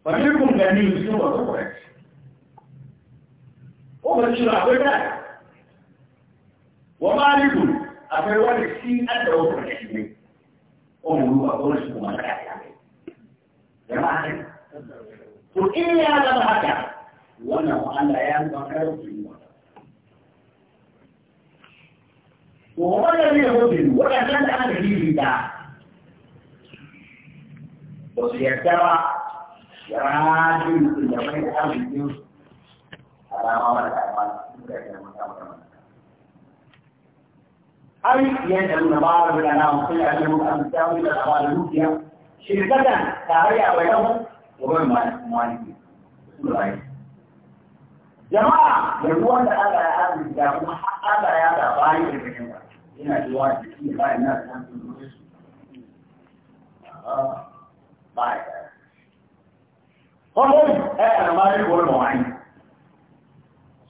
fasikun gani su ba su kwaci ko ba shi ba wai da wa malikun akwai wani shi an da wakon da shi ne ko mu ruwa ko shi kuma da jama'a to in ya zama haka wannan wa'ala ya zama karfi وهو الذي يبطل ولا كان أنا فيه دا بس يتبع راجل من يمين أمر الدين على أمر الأعمال أي يدعو نبار بالأنام في أنه أمتاوي بالأعمال الوكية شركتان تابعية ويدهم وبين مواليدي جماعة يقولون أن هذا الأمر إذا كان حقا لا يدع باري هنا الواحد في باري الناس كان في المدرسة باري قلت هذا الأمر هو المواني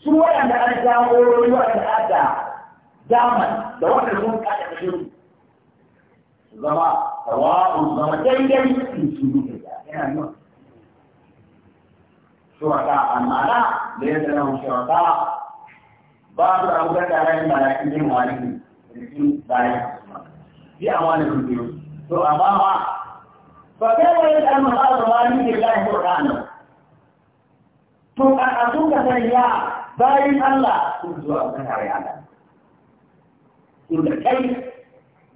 سوى أن هذا الأمر هو أن هذا دعما دعوة الأمر كانت تشيره zama sawa'un zama daidai in su duka yana nuna شركاء المعنى ليس لهم شركاء بعض الأوقات على الملائكة والدين ذلك في أوان الفيوز فأمام فكيف يسأل هذا الوالد لله سبحانه to a abun da sai ya bayan Allah sun zuwa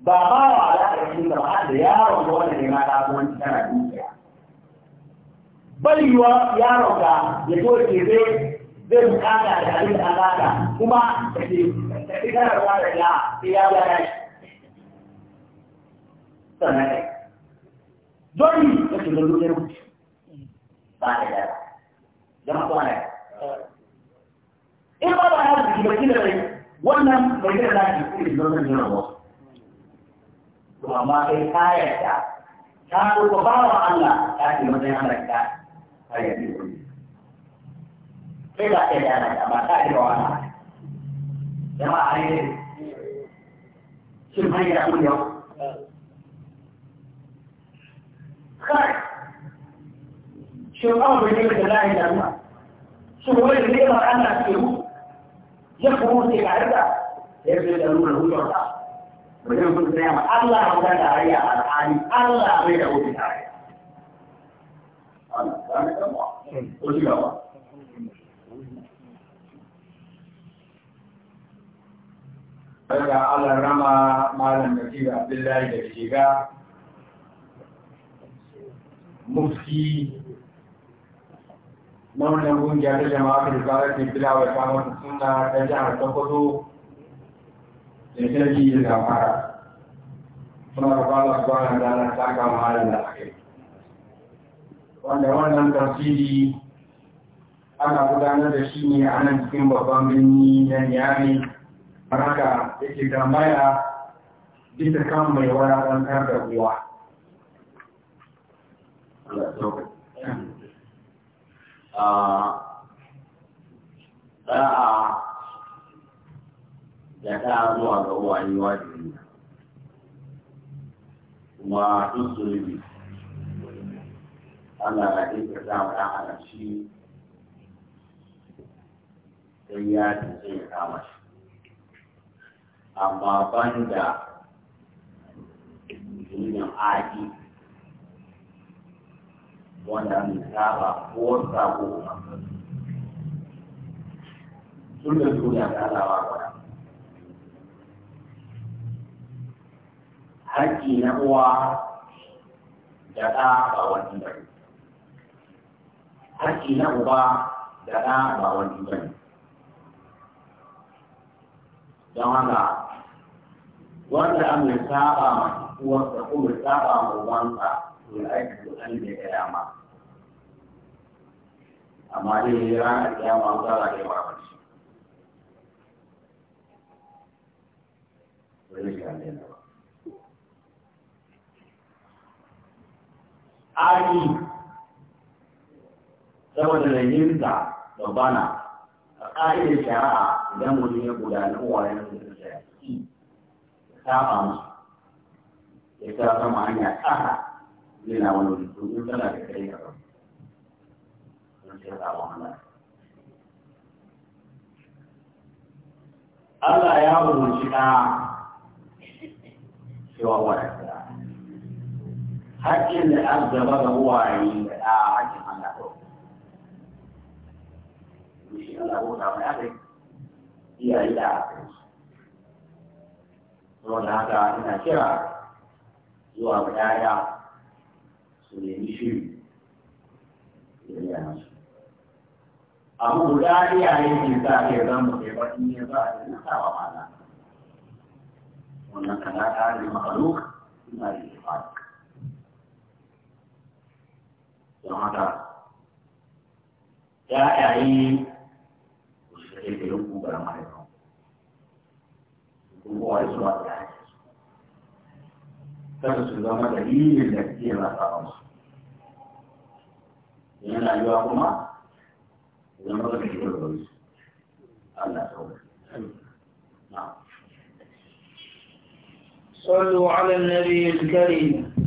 ba ba wa alaƙar shi da ba da yaron wanda ne ma kasuwanci tana dukiya bari yiwa yaron ka ya zo ke zai zai bukata da abin da alaƙa kuma da ke fitarwa da ya sai ya ga shi sannan don yi da ke zai zai mutu ba da yara jama'a kwana in ba ba ya zuki ba kila dai wannan bai gina zaki kuma zai zai zai zai to amma kai ka yarda ka roƙa bawa Allah ka ce matsayin Allah ka ka yarda sai ba sai da ana ba ta da wani jama'a ai shin mai da mun yau kai shin an bude da lahi da Allah shin wani ne ba Allah ke mu ya kuma sai ka yarda sai da nuna hujjar mutum sun tsaya ma Allah ya wuta da rayya a alhali Allah bai da wuta da rayya. Allah ya Daga Allah rama malam da shiga Abdullahi da shiga mufti na wannan kungiya ta jama'a ta da zarar ke bila wa kamar suna ta jihar Sokoto da sarki ya gafara ah, suna da fara kwanan da na saka mahalin da aka yi wanda wannan tafsiri ana gudanar da shi ne a nan cikin babban birni na niyami haka ke tambaya bisa kan mai wadatantar da ruwa za a ya zuwa ga uwaye wajibi kuma duk zulubi Allah na ɗinka za mu ɗan adam shi sai ya tuntun ya kama shi amma ban da zulubin aji wanda mai saba ko sabo kuma sun da duniya ta alawa haji na uwa da ɗa ba wani ba Haji na uba da ɗa ba wani ba don haka wanda an mai saba ma uwarsa ko mai saba ma uwansa to ya aiki da ɗan da ya dama amma dai ranar kiyama za a yi wa ba shi. Wani shi an daina ba. ari saboda rayinta da bana a ƙa'idar shari'a idan mutum ya gudanar wayan da ta ya ta musu ya ta sama hanya tsara yana wani rubutu in tana da kai ka rabu don sai ta wahala Allah ya umarci ɗa cewa wa ya haƙƙin da an gaba da huwaye da ɗa haƙƙin Allah ko shi Allah ko da mai aka iyaye da aka saboda haka ina kira zuwa ga ɗaya su nemi shiri ya yi abu guda iyaye ke sa ke zan mu ke baɗin ya za a yi na sawa mana wannan kana ta ne makaluk ina da ke fata don haka ‘ya'yaye su shi ke da yin kugaran mahaifan kuma da su ba da yake kada su zama dalilin da ke na sabon su yin rayuwa kuma zama da ke da su Allah sauka صلوا على النبي الكريم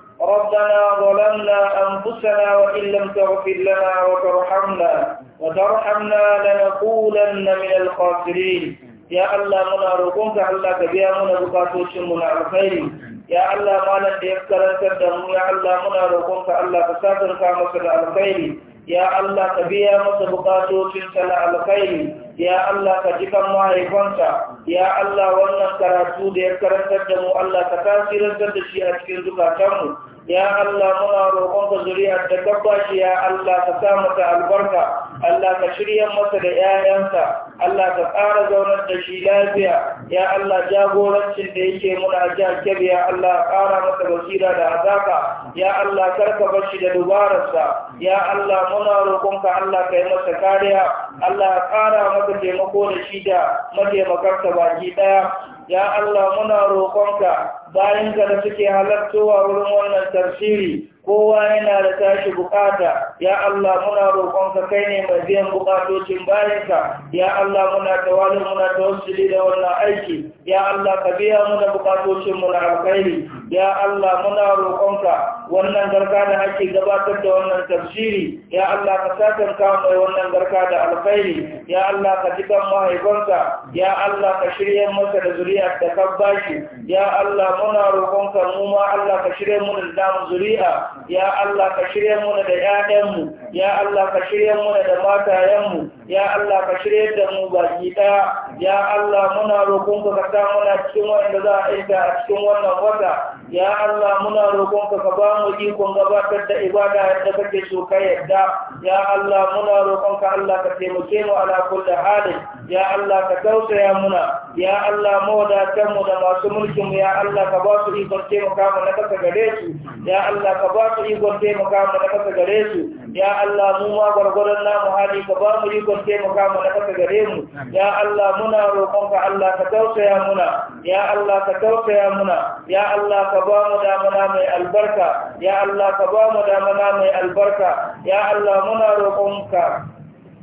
ربنا ظلمنا أنفسنا وإن لم تغفر لنا وترحمنا وترحمنا لنكونن من الخاسرين يا الله من أرقمك الله كبيا من بكاتوش من الخير يا الله ما لن يفترن تدم يا الله من أرقمك الله كساتر كامسل الخير يا الله كبيا من بكاتوش سل الخير يا الله كجكم ما يفنسا يا الله وانا كراتو دير كرن تدم الله كتاسير تدشي أشكر زكاتمو ya Allah muna ka zuriyar da ka shi ya Allah ka sa mata albarka Allah ka shirya masa da 'ya'yansa. Allah ka ƙara zaunar da shi lafiya ya Allah jagorancin da yake muna jihar Kebbi ya Allah ƙara masa basira da hazaka ya Allah karka bashi da dubararsa ya Allah muna ka Allah ka yi masa kariya Allah ƙara masa taimako da shi da mataimakarsa baki ɗaya ya Allah muna roƙonka bayan ka da suke halartowa wurin wannan tafsiri kowa yana da tashi bukata ya Allah muna roƙonka kai ne mai biyan bukatocin bayanka ya Allah muna tawali muna tawassuli da wannan aiki ya Allah ka biya muna bukatocin mu na alkhairi ya Allah muna roƙonka wannan garka da ake gabatar da wannan tafsiri ya Allah ka sakan ka mai wannan garka da alkhairi ya Allah ka ji kan mahaifanka ya Allah ka shirya masa da zuriya da ka bashi ya Allah muna roƙonka mu ma Allah ka shirya mu da zuriya ya Allah ka shirya muna da ‘ya'yanmu, ya Allah ka shirya muna da matayenmu, ya Allah ka shirya da mu baki ɗaya, ya Allah muna roƙon ka sa muna cikin wanda za a aika a cikin wannan wata, ya Allah muna roƙon ka ba mu ikon gabatar da ibada yadda kake so ka yadda, ya Allah muna ka Allah ka taimake mu ala kulli halin, ya Allah ka tausaya muna ya Allah mawadatan mu da masu mulkin mu ya Allah ka ba su ikon taimaka mu na kasa gare su ya Allah ka ba su ikon taimaka mu na kasa gare su ya Allah mu ma namu hali ka ba mu ikon taimaka mu na kasa gare mu ya Allah muna roƙon ka Allah ka tausaya muna ya Allah ka tausaya muna ya Allah ka ba mu mana mai albarka ya Allah ka ba mu mana mai albarka ya Allah muna roƙon ka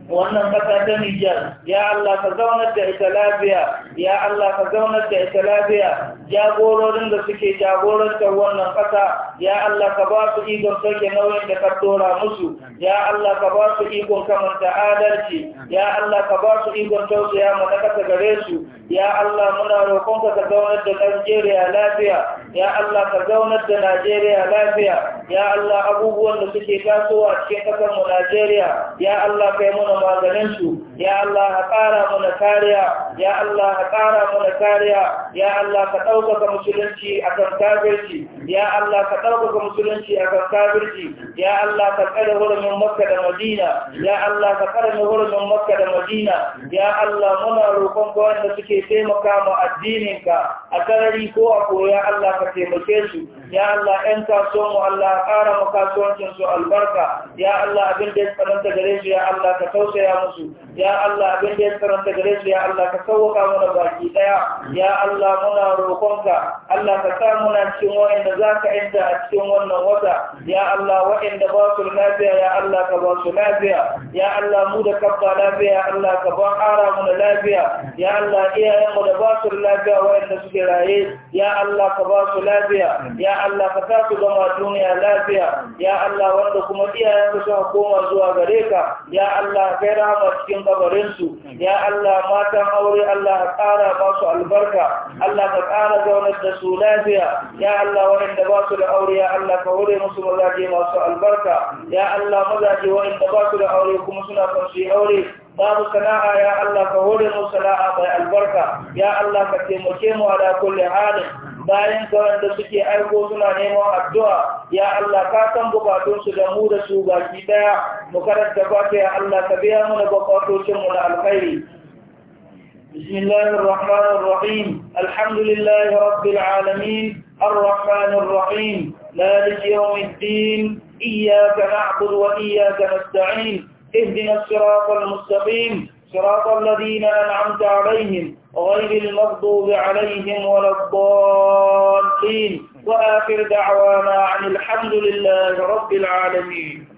wannan ƙasa ta Nijar, ya Allah ka zaunar da ita lafiya, ya Allah ka zaunar da ita lafiya, jagororin da suke jagorantar wannan ƙasa, ya Allah ka ba su ikon sauke nauyin da ka tora musu, ya Allah ka ba su ikon kamanta adalci, ya Allah ka ba su ikon tausaya ma na ƙasa gare su, ya Allah muna roƙonka ka zaunar da Najeriya lafiya, ya Allah ka zaunar da Najeriya lafiya ya Allah abubuwan da suke tasowa cikin kasar mu Najeriya ya Allah kai mana maganin su ya Allah ka ƙara mana kariya ya Allah ka ƙara mana kariya ya Allah ka ɗaukaka musulunci akan kafirci ya Allah ka ɗaukaka musulunci akan kafirci ya Allah ka tsare hurumin Makka da Madina ya Allah ka tsare hurumin Makka da Madina ya Allah muna roƙon ga wanda suke taimaka ma addininka a sarari ko a koya Allah ka taimake su ya Allah ɗan kasuwan mu Allah ƙara mu kasuwancin su albarka ya Allah abin da ya tsananta gare su ya Allah ka tausaya musu ya Allah abin da ya karanta gare su ya Allah ka sauwaka mana baki daya ya Allah muna roƙonka Allah ka sa muna cikin wa'anda za ka yanta a cikin wannan wata ya Allah wa'inda ba su lafiya ya Allah ka ba su lafiya ya Allah mu da kabba lafiya ya Allah ka ba ƙara mana lafiya ya Allah iyayen mu da ba su lafiya wa'inda suke raye ya Allah ka ba su lafiya ya Allah ka sa su gama duniya lafiya ya Allah wanda kuma iyayen su suka koma zuwa gare ka ya Allah kai rahama cikin kabarinsu ya Allah matan aure Allah ka ƙara ba su albarka Allah ka ƙara zaunar da su lafiya ya Allah waɗanda ba su da aure ya Allah ka hore musu mazaje masu albarka ya Allah mazaje waɗanda ba su da aure kuma suna son aure باب سلاء يا الله كهولي مو سلاء البركة يا الله كتمكيمو على كل حال باين كواند سكي ايقو سنا نيمو الدعا يا الله كاتم بقاتون سجمو رسوبا كيتا مكرد دقاك يا الله كبيرم لبقاتون سمونا الخير بسم الله الرحمن الرحيم الحمد لله رب العالمين الرحمن الرحيم مالك يوم الدين إياك نعبد وإياك نستعين اهدنا الصراط المستقيم صراط الذين أنعمت عليهم غير المغضوب عليهم ولا الضالين وآخر دعوانا عن الحمد لله رب العالمين